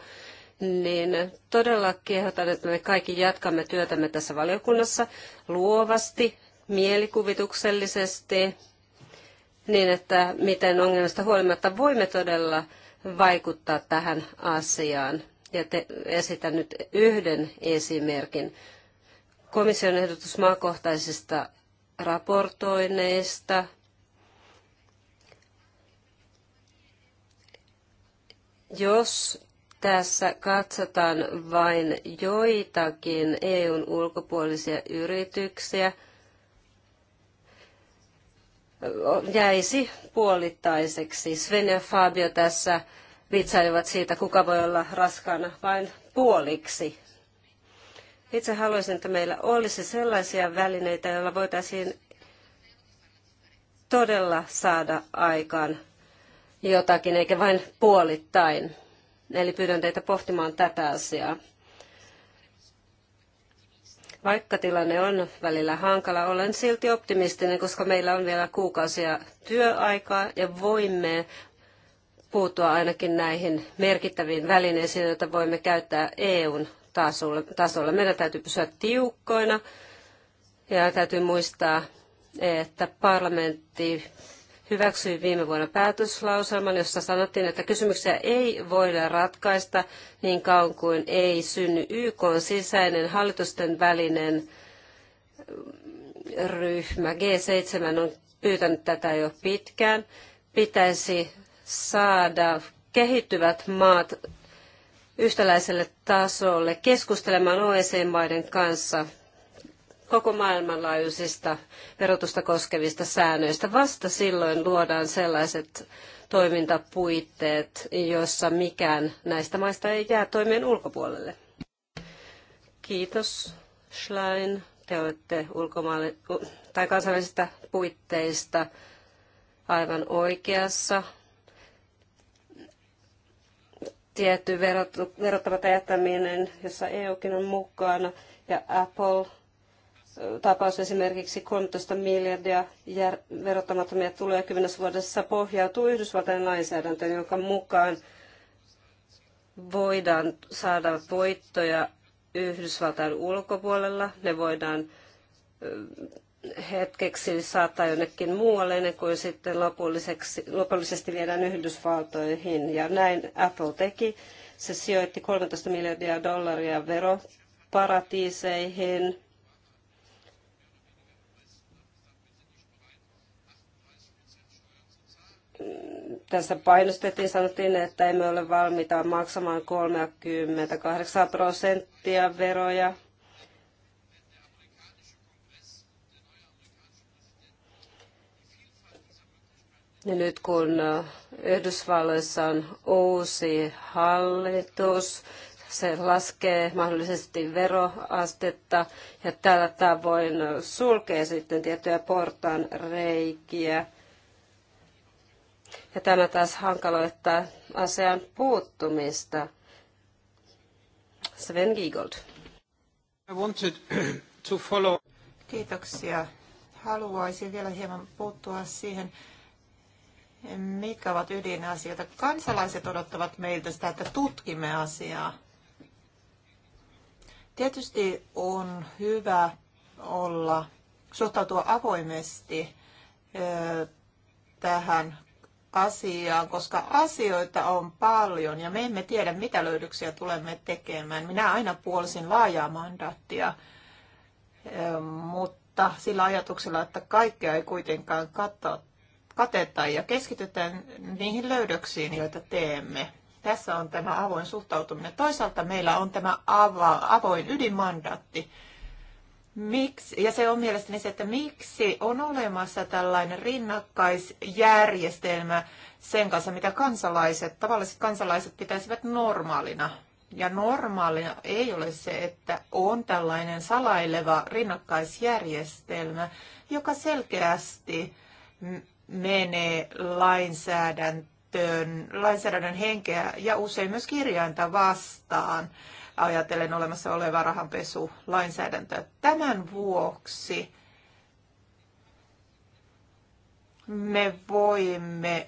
niin todella kehotan, että me kaikki jatkamme työtämme tässä valiokunnassa luovasti, mielikuvituksellisesti, niin että miten ongelmista huolimatta voimme todella vaikuttaa tähän asiaan. Ja te, esitän nyt yhden esimerkin komission ehdotus maakohtaisista raportoineista, jos tässä katsotaan vain joitakin EUn ulkopuolisia yrityksiä, jäisi puolittaiseksi. Sven ja Fabio tässä vitsailivat siitä, kuka voi olla raskaana vain puoliksi. Itse haluaisin, että meillä olisi sellaisia välineitä, joilla voitaisiin todella saada aikaan jotakin, eikä vain puolittain. Eli pyydän teitä pohtimaan tätä asiaa. Vaikka tilanne on välillä hankala, olen silti optimistinen, koska meillä on vielä kuukausia työaikaa ja voimme puuttua ainakin näihin merkittäviin välineisiin, joita voimme käyttää EUn tasolla. Meidän täytyy pysyä tiukkoina ja täytyy muistaa, että parlamentti hyväksyi viime vuonna päätöslauselman, jossa sanottiin, että kysymyksiä ei voida ratkaista niin kauan kuin ei synny YK sisäinen hallitusten välinen ryhmä. G7 on pyytänyt tätä jo pitkään. Pitäisi saada kehittyvät maat yhtäläiselle tasolle keskustelemaan OECD-maiden kanssa koko maailmanlaajuisista verotusta koskevista säännöistä. Vasta silloin luodaan sellaiset toimintapuitteet, joissa mikään näistä maista ei jää toimien ulkopuolelle. Kiitos, Schlein. Te olette ulkomaille, tai kansainvälisistä puitteista aivan oikeassa tietty verottava jättäminen, jossa EUkin on mukana, ja Apple tapaus esimerkiksi 13 miljardia jär- verottamattomia tuloja kymmenessä vuodessa pohjautuu Yhdysvaltain lainsäädäntöön, jonka mukaan voidaan saada voittoja Yhdysvaltain ulkopuolella. Ne voidaan hetkeksi saattaa jonnekin muualle ennen kuin sitten lopulliseksi, lopullisesti viedään Yhdysvaltoihin. Ja näin Apple teki. Se sijoitti 13 miljardia dollaria veroparatiiseihin. Tässä painostettiin, sanottiin, että emme ole valmiita maksamaan 38 prosenttia veroja Ja nyt kun Yhdysvalloissa on uusi hallitus, se laskee mahdollisesti veroastetta ja tällä tavoin sulkee sitten tiettyjä portaan reikiä. Ja tämä taas hankaloittaa asian puuttumista. Sven Giegold. I wanted to follow. Kiitoksia. Haluaisin vielä hieman puuttua siihen, mitkä ovat ydinasioita. Kansalaiset odottavat meiltä sitä, että tutkimme asiaa. Tietysti on hyvä olla, suhtautua avoimesti tähän asiaan, koska asioita on paljon ja me emme tiedä, mitä löydöksiä tulemme tekemään. Minä aina puolisin laajaa mandaattia, mutta sillä ajatuksella, että kaikkea ei kuitenkaan katsota kateta ja keskitytään niihin löydöksiin, joita teemme. Tässä on tämä avoin suhtautuminen. Toisaalta meillä on tämä avoin ydinmandaatti. Miksi, ja se on mielestäni se, että miksi on olemassa tällainen rinnakkaisjärjestelmä sen kanssa, mitä kansalaiset, tavalliset kansalaiset pitäisivät normaalina. Ja normaalina ei ole se, että on tällainen salaileva rinnakkaisjärjestelmä, joka selkeästi menee lainsäädäntöön, lainsäädännön henkeä ja usein myös kirjainta vastaan ajatellen olemassa olevaa rahanpesulainsäädäntöä. Tämän vuoksi me voimme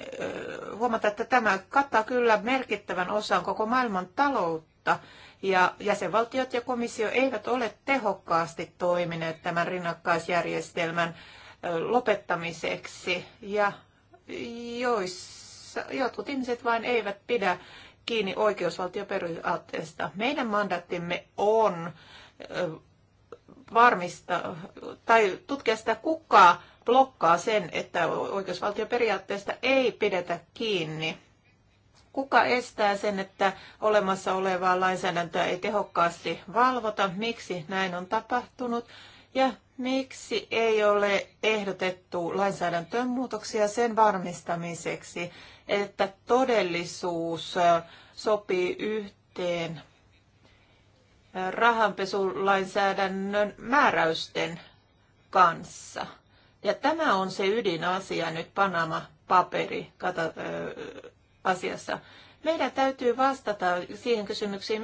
huomata, että tämä kattaa kyllä merkittävän osan koko maailman taloutta, ja jäsenvaltiot ja komissio eivät ole tehokkaasti toimineet tämän rinnakkaisjärjestelmän lopettamiseksi ja joissa jotkut ihmiset vain eivät pidä kiinni oikeusvaltioperiaatteesta. Meidän mandaattimme on varmistaa tai tutkia sitä, kuka blokkaa sen, että oikeusvaltioperiaatteesta ei pidetä kiinni. Kuka estää sen, että olemassa olevaa lainsäädäntöä ei tehokkaasti valvota? Miksi näin on tapahtunut? Ja Miksi ei ole ehdotettu lainsäädäntöön muutoksia sen varmistamiseksi, että todellisuus sopii yhteen rahanpesulainsäädännön määräysten kanssa? Ja tämä on se ydinasia nyt Panama-paperi asiassa. Meidän täytyy vastata siihen kysymykseen,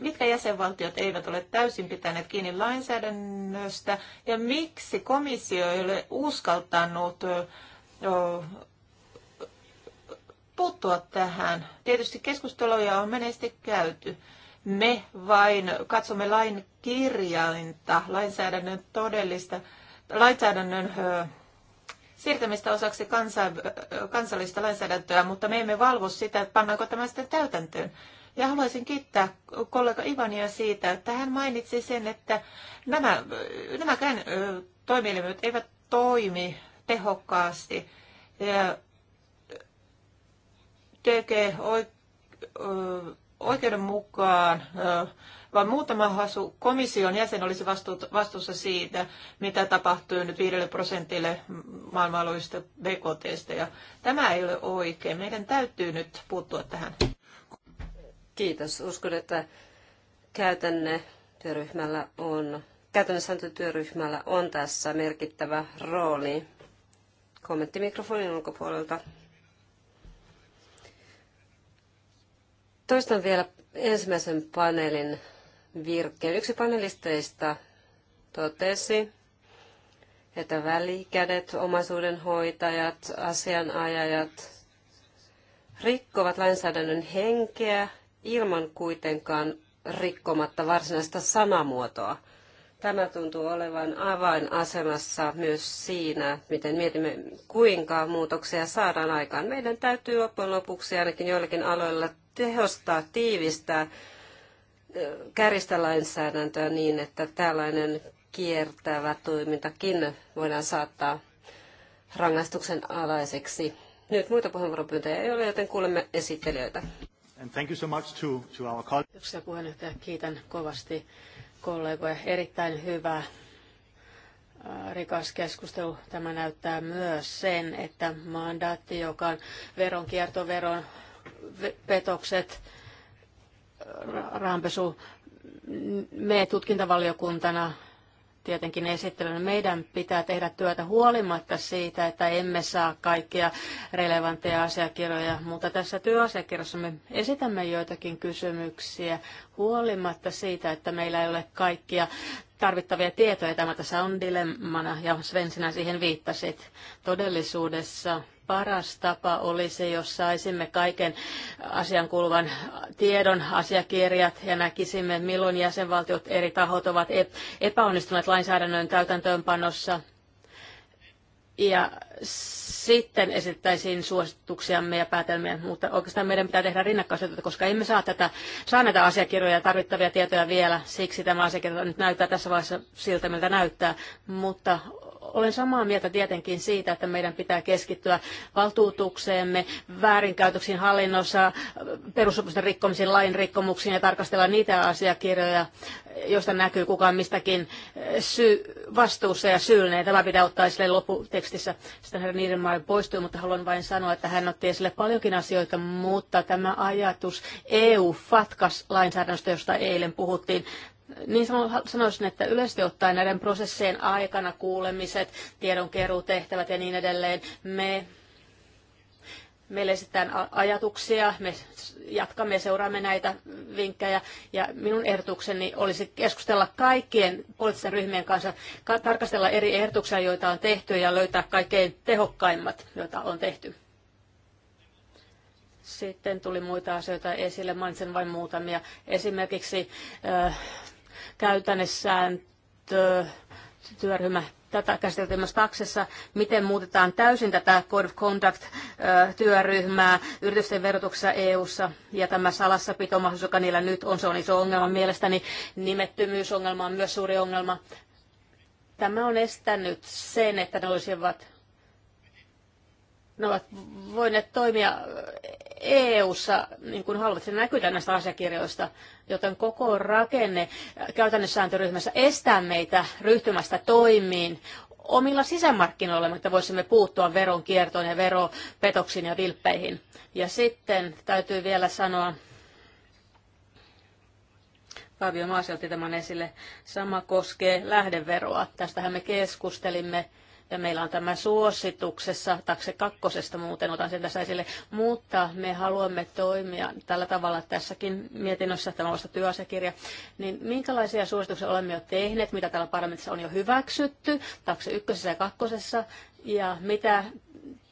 mitkä jäsenvaltiot eivät ole täysin pitäneet kiinni lainsäädännöstä ja miksi komissio ei ole uskaltanut puuttua tähän. Tietysti keskusteluja on menesti käyty. Me vain katsomme lain kirjainta, lainsäädännön todellista, lainsäädännön siirtämistä osaksi kansa, kansallista lainsäädäntöä, mutta me emme valvo sitä, että pannaanko tämä sitten täytäntöön. Ja haluaisin kiittää kollega Ivania siitä, että hän mainitsi sen, että nämä, nämäkään toimielimet eivät toimi tehokkaasti. Ja DG oikeuden mukaan vain muutama hasu komission jäsen olisi vastuussa siitä, mitä tapahtuu nyt 5 prosentille maailmanlaajuisista BKTstä. Ja tämä ei ole oikein. Meidän täytyy nyt puuttua tähän. Kiitos. Uskon, että käytänne työryhmällä on, työryhmällä on tässä merkittävä rooli. Kommentti mikrofonin ulkopuolelta. Toistan vielä ensimmäisen paneelin virkkeen. Yksi panelisteista totesi, että välikädet, omaisuudenhoitajat, asianajajat rikkovat lainsäädännön henkeä ilman kuitenkaan rikkomatta varsinaista sanamuotoa. Tämä tuntuu olevan avainasemassa myös siinä, miten mietimme, kuinka muutoksia saadaan aikaan. Meidän täytyy loppujen lopuksi ainakin joillakin aloilla tehostaa, tiivistää, käristä lainsäädäntöä niin, että tällainen kiertävä toimintakin voidaan saattaa rangaistuksen alaiseksi. Nyt muita puheenvuoropyyntöjä ei ole, joten kuulemme esittelijöitä. And thank you so much to, to our Kiitoksia puheenjohtaja. Kiitän kovasti kollegoja. Erittäin hyvä äh, rikas keskustelu. Tämä näyttää myös sen, että mandaatti, joka on veronkiertoveron petokset, rahanpesu. Me tutkintavaliokuntana tietenkin esittelyn. Meidän pitää tehdä työtä huolimatta siitä, että emme saa kaikkia relevantteja asiakirjoja, mutta tässä työasiakirjassa me esitämme joitakin kysymyksiä huolimatta siitä, että meillä ei ole kaikkia tarvittavia tietoja. Tämä tässä on dilemmana ja Sven sinä siihen viittasit. Todellisuudessa paras tapa olisi, jos saisimme kaiken asian kuuluvan tiedon, asiakirjat ja näkisimme, milloin jäsenvaltiot eri tahot ovat epäonnistuneet lainsäädännön täytäntöönpanossa. Ja sitten esittäisiin suosituksiamme ja päätelmiä, mutta oikeastaan meidän pitää tehdä rinnakkaisuutta, koska emme saa, tätä, saa näitä asiakirjoja ja tarvittavia tietoja vielä. Siksi tämä asiakirja nyt näyttää tässä vaiheessa siltä, miltä näyttää, mutta olen samaa mieltä tietenkin siitä, että meidän pitää keskittyä valtuutukseemme, väärinkäytöksiin hallinnossa, perussopimusten rikkomisiin, lain rikkomuksiin ja tarkastella niitä asiakirjoja, joista näkyy kukaan mistäkin syy, vastuussa ja syyllinen. Tämä pitää ottaa esille loputekstissä. Sitten herra Niedermayer poistui, mutta haluan vain sanoa, että hän otti esille paljonkin asioita, mutta tämä ajatus EU-fatkas-lainsäädännöstä, josta eilen puhuttiin, niin sanoisin, että yleisesti ottaen näiden prosessien aikana kuulemiset, tiedonkeruutehtävät ja niin edelleen, me meille esitetään ajatuksia, me jatkamme ja seuraamme näitä vinkkejä. Ja minun ehdotukseni olisi keskustella kaikkien poliittisten ryhmien kanssa, tarkastella eri ehdotuksia, joita on tehty ja löytää kaikkein tehokkaimmat, joita on tehty. Sitten tuli muita asioita esille, mainitsen vain muutamia. Esimerkiksi äh, käytännössääntö, työryhmä tätä käsiteltiin myös taksessa, miten muutetaan täysin tätä Code of Conduct-työryhmää yritysten verotuksessa EU-ssa ja tämä salassapitomahdollisuus, joka niillä nyt on, se on iso ongelma mielestäni. Nimettömyysongelma on myös suuri ongelma. Tämä on estänyt sen, että ne olisivat ne ovat voineet toimia EU-ssa niin kuin haluavat. Se näkyy näistä asiakirjoista, joten koko rakenne käytännössääntöryhmässä estää meitä ryhtymästä toimiin omilla sisämarkkinoilla, että voisimme puuttua veronkiertoon ja veropetoksiin ja vilppeihin. Ja sitten täytyy vielä sanoa, Fabio Maasi otti tämän esille, sama koskee lähdeveroa. Tästähän me keskustelimme ja meillä on tämä suosituksessa, takse kakkosesta muuten otan sen tässä esille, mutta me haluamme toimia tällä tavalla tässäkin mietinnössä, tämä on vasta työasiakirja, niin minkälaisia suosituksia olemme jo tehneet, mitä täällä parlamentissa on jo hyväksytty, takse ykkösessä ja kakkosessa, ja mitä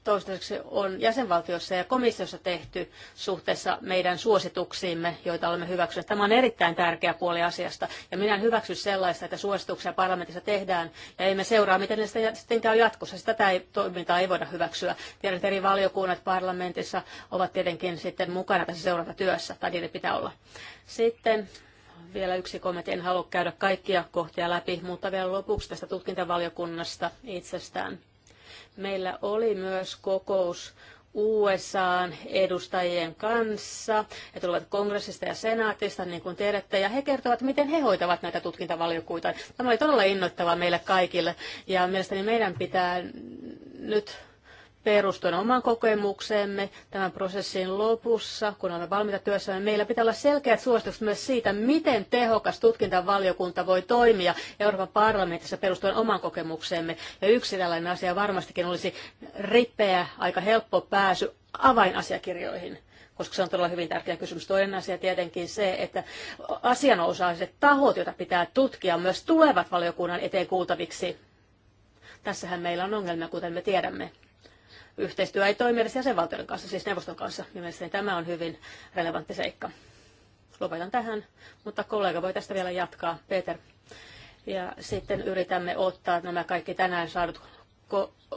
toistaiseksi on jäsenvaltiossa ja komissiossa tehty suhteessa meidän suosituksiimme, joita olemme hyväksyneet. Tämä on erittäin tärkeä puoli asiasta. Ja minä en hyväksy sellaista, että suosituksia parlamentissa tehdään ja emme seuraa, miten ne sitten käy jatkossa. Sitä tätä toimintaa ei voida hyväksyä. Tiedän, että eri valiokunnat parlamentissa ovat tietenkin sitten mukana tässä seurantatyössä, tai niiden pitää olla. Sitten vielä yksi kommentti. En halua käydä kaikkia kohtia läpi, mutta vielä lopuksi tästä tutkintavaliokunnasta itsestään Meillä oli myös kokous USAn edustajien kanssa. He tulevat kongressista ja senaatista, niin kuin tiedätte, ja he kertovat, miten he hoitavat näitä tutkintavaliokuita. Tämä oli todella innoittavaa meille kaikille, ja mielestäni meidän pitää nyt perustuen omaan kokemukseemme tämän prosessin lopussa, kun olemme valmiita työssä, niin meillä pitää olla selkeät suositukset myös siitä, miten tehokas tutkintavaliokunta voi toimia Euroopan parlamentissa perustuen omaan kokemukseemme. Ja yksi tällainen asia varmastikin olisi ripeä, aika helppo pääsy avainasiakirjoihin koska se on todella hyvin tärkeä kysymys. Toinen asia tietenkin se, että asianosaiset tahot, joita pitää tutkia, myös tulevat valiokunnan eteen kuultaviksi. Tässähän meillä on ongelmia, kuten me tiedämme yhteistyö ei toimi edes jäsenvaltioiden kanssa, siis neuvoston kanssa. Niin mielestäni tämä on hyvin relevantti seikka. Lopetan tähän, mutta kollega voi tästä vielä jatkaa. Peter. Ja sitten yritämme ottaa nämä kaikki tänään saadut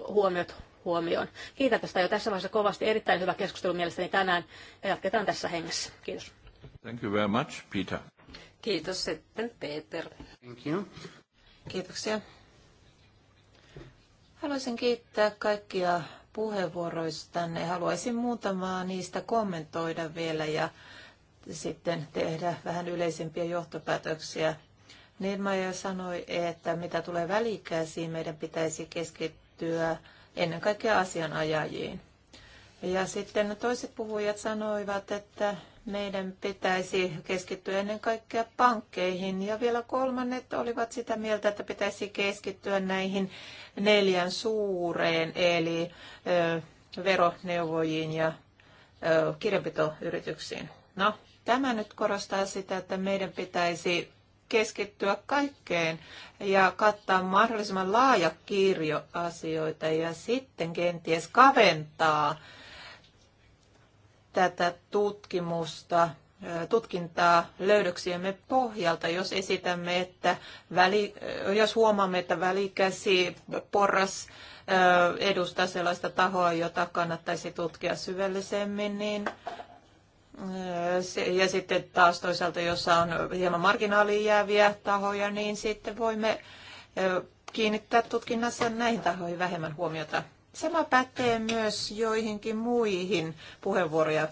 huomiot huomioon. Kiitän tästä jo tässä vaiheessa kovasti. Erittäin hyvä keskustelu mielestäni tänään ja jatketaan tässä hengessä. Kiitos. Thank you very much, Peter. Kiitos sitten, Peter. Thank you. Kiitoksia. Haluaisin kiittää kaikkia puheenvuoroista. Haluaisin muutamaa niistä kommentoida vielä ja sitten tehdä vähän yleisempiä johtopäätöksiä. Niemeyer sanoi, että mitä tulee välikäsiin, meidän pitäisi keskittyä ennen kaikkea asianajajiin. Ja sitten toiset puhujat sanoivat, että meidän pitäisi keskittyä ennen kaikkea pankkeihin. Ja vielä kolmannet olivat sitä mieltä, että pitäisi keskittyä näihin neljän suureen, eli ö, veroneuvojiin ja ö, kirjanpitoyrityksiin. No, tämä nyt korostaa sitä, että meidän pitäisi keskittyä kaikkeen ja kattaa mahdollisimman laaja kirjo asioita ja sitten kenties kaventaa tätä tutkimusta, tutkintaa löydöksiemme pohjalta, jos esitämme, että väli, jos huomaamme, että välikäsi porras edustaa sellaista tahoa, jota kannattaisi tutkia syvällisemmin, niin ja sitten taas toisaalta, jossa on hieman marginaaliin jääviä tahoja, niin sitten voimme kiinnittää tutkinnassa näihin tahoihin vähemmän huomiota. Sama pätee myös joihinkin muihin puheenvuoroja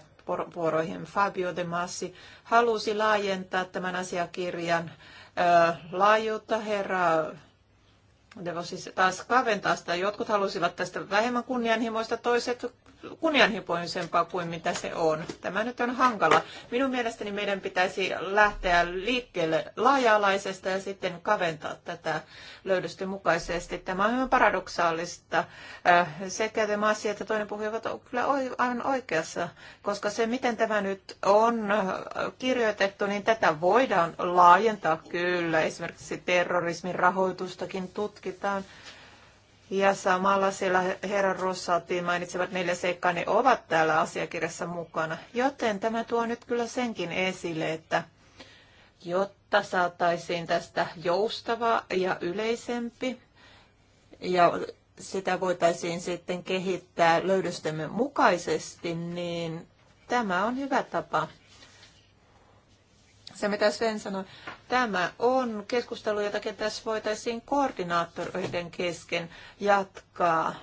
vuoroihin. Fabio De Massi halusi laajentaa tämän asiakirjan laajuutta. Herra Devo siis taas kaventaa sitä. Jotkut halusivat tästä vähemmän kunnianhimoista, toiset kunnianhimoisempaa kuin mitä se on. Tämä nyt on hankala. Minun mielestäni meidän pitäisi lähteä liikkeelle laaja-alaisesta ja sitten kaventaa tätä löydösten mukaisesti. Tämä on hyvin paradoksaalista. Äh, sekä tämä asia että toinen puhuja ovat kyllä aivan oikeassa, koska se, miten tämä nyt on äh, kirjoitettu, niin tätä voidaan laajentaa kyllä. Esimerkiksi terrorismin rahoitustakin tutkitaan ja samalla siellä herran Rossatiin mainitsevat neljä seikkaa, ne ovat täällä asiakirjassa mukana. Joten tämä tuo nyt kyllä senkin esille, että jotta saataisiin tästä joustava ja yleisempi ja sitä voitaisiin sitten kehittää löydöstemme mukaisesti, niin tämä on hyvä tapa se, mitä Sven sanoi, tämä on keskustelu, jota tässä voitaisiin koordinaattoreiden kesken jatkaa.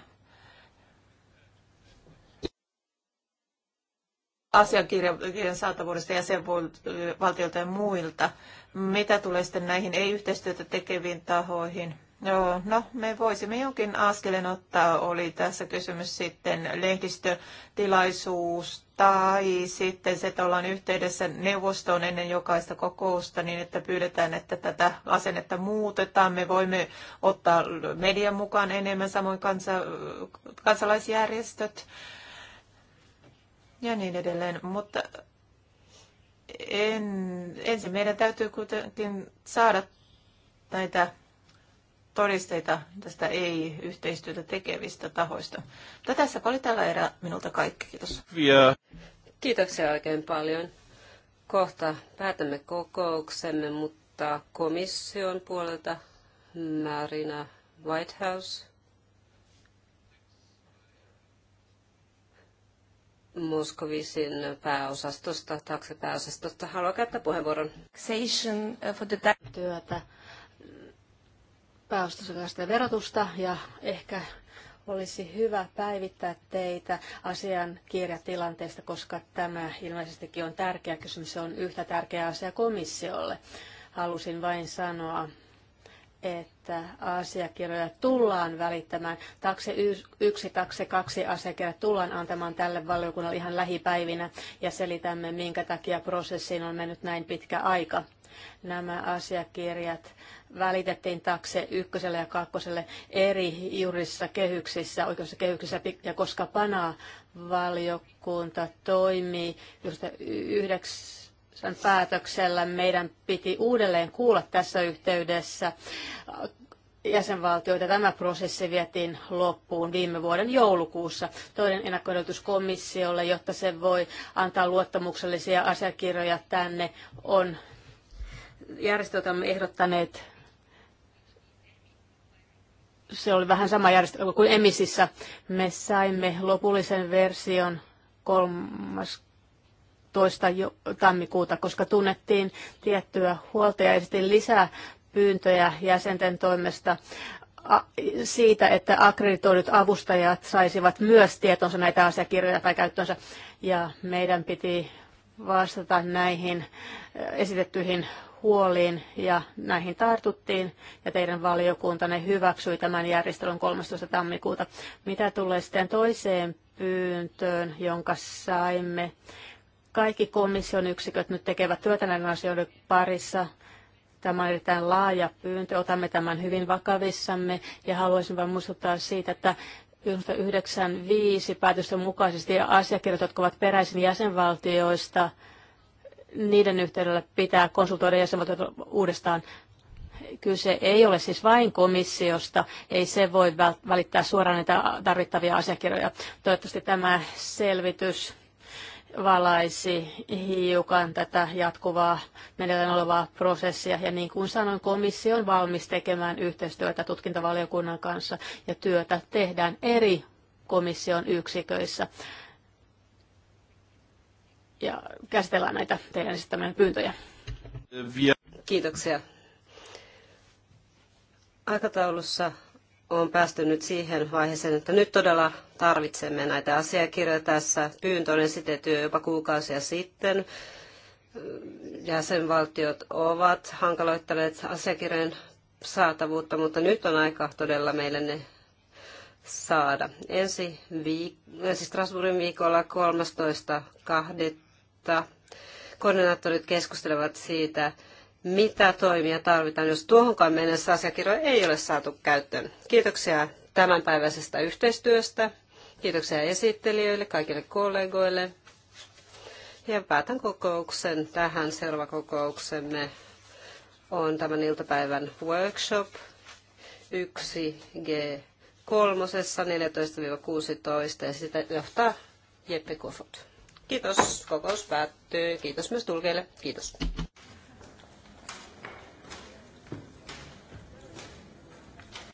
asiakirjan saatavuudesta jäsenvaltiolta ja muilta. Mitä tulee sitten näihin ei-yhteistyötä tekeviin tahoihin? Joo, no me voisimme jonkin askeleen ottaa, oli tässä kysymys sitten lehdistötilaisuus tai sitten se, että ollaan yhteydessä neuvostoon ennen jokaista kokousta niin, että pyydetään, että tätä asennetta muutetaan. Me voimme ottaa median mukaan enemmän, samoin kansa, kansalaisjärjestöt ja niin edelleen. Mutta en, ensin meidän täytyy kuitenkin saada näitä todisteita tästä ei-yhteistyötä tekevistä tahoista. Mutta tässä oli tällä erää minulta kaikki. Kiitos. Yeah. Kiitoksia oikein paljon. Kohta päätämme kokouksemme, mutta komission puolelta Marina Whitehouse. Moskovisin pääosastosta, taksipääosastosta. Haluan käyttää puheenvuoron. Uh, Työtä pääosasta verotusta ja ehkä olisi hyvä päivittää teitä asian kirjatilanteesta, koska tämä ilmeisestikin on tärkeä kysymys. Se on yhtä tärkeä asia komissiolle. Halusin vain sanoa, että asiakirjoja tullaan välittämään. Takse 1, takse 2 asiakirjat tullaan antamaan tälle valiokunnalle ihan lähipäivinä ja selitämme, minkä takia prosessiin on mennyt näin pitkä aika. Nämä asiakirjat välitettiin takse ykköselle ja kakkoselle eri juridisissa kehyksissä, oikeudessa kehyksissä, ja koska PANA-valiokunta toimii just yhdeksän päätöksellä, meidän piti uudelleen kuulla tässä yhteydessä jäsenvaltioita. Tämä prosessi vietiin loppuun viime vuoden joulukuussa. Toinen ennakkoehdotus komissiolle, jotta se voi antaa luottamuksellisia asiakirjoja tänne, on järjestöt ehdottaneet se oli vähän sama järjestelmä kuin Emisissä. Me saimme lopullisen version 13. tammikuuta, koska tunnettiin tiettyä huolta ja esitin lisää pyyntöjä jäsenten toimesta siitä, että akkreditoidut avustajat saisivat myös tietonsa näitä asiakirjoja tai käyttöönsä. Ja meidän piti vastata näihin äh, esitettyihin huoliin ja näihin tartuttiin ja teidän valiokuntanne hyväksyi tämän järjestelyn 13. tammikuuta. Mitä tulee sitten toiseen pyyntöön, jonka saimme? Kaikki komission yksiköt nyt tekevät työtä näiden asioiden parissa. Tämä on erittäin laaja pyyntö, otamme tämän hyvin vakavissamme ja haluaisin vain muistuttaa siitä, että 1995 päätösten mukaisesti ja asiakirjat, jotka ovat peräisin jäsenvaltioista, niiden yhteydellä pitää konsultoida jäsenvaltioita uudestaan. Kyse ei ole siis vain komissiosta, ei se voi välittää suoraan niitä tarvittavia asiakirjoja. Toivottavasti tämä selvitys valaisi hiukan tätä jatkuvaa meneillään olevaa prosessia. Ja niin kuin sanoin, komissio on valmis tekemään yhteistyötä tutkintavaliokunnan kanssa ja työtä tehdään eri komission yksiköissä. Ja käsitellään näitä teidän esittämiä pyyntöjä. Kiitoksia. Aikataulussa on päästy nyt siihen vaiheeseen, että nyt todella tarvitsemme näitä asiakirjoja tässä. Pyyntö on esitetty jopa kuukausia sitten. Jäsenvaltiot ovat hankaloittaneet asiakirjojen saatavuutta, mutta nyt on aika todella meille ne saada. Ensi siis Strasbourgin viikolla 13.2. koordinaattorit keskustelevat siitä, mitä toimia tarvitaan, jos tuohonkaan mennessä asiakirjoja ei ole saatu käyttöön. Kiitoksia tämänpäiväisestä yhteistyöstä. Kiitoksia esittelijöille, kaikille kollegoille. Ja päätän kokouksen tähän. Seuraava kokouksemme on tämän iltapäivän workshop 1G3, 14-16 ja sitä johtaa Jeppe Kofot. Kiitos, kokous päättyy. Kiitos myös tulkeille. Kiitos.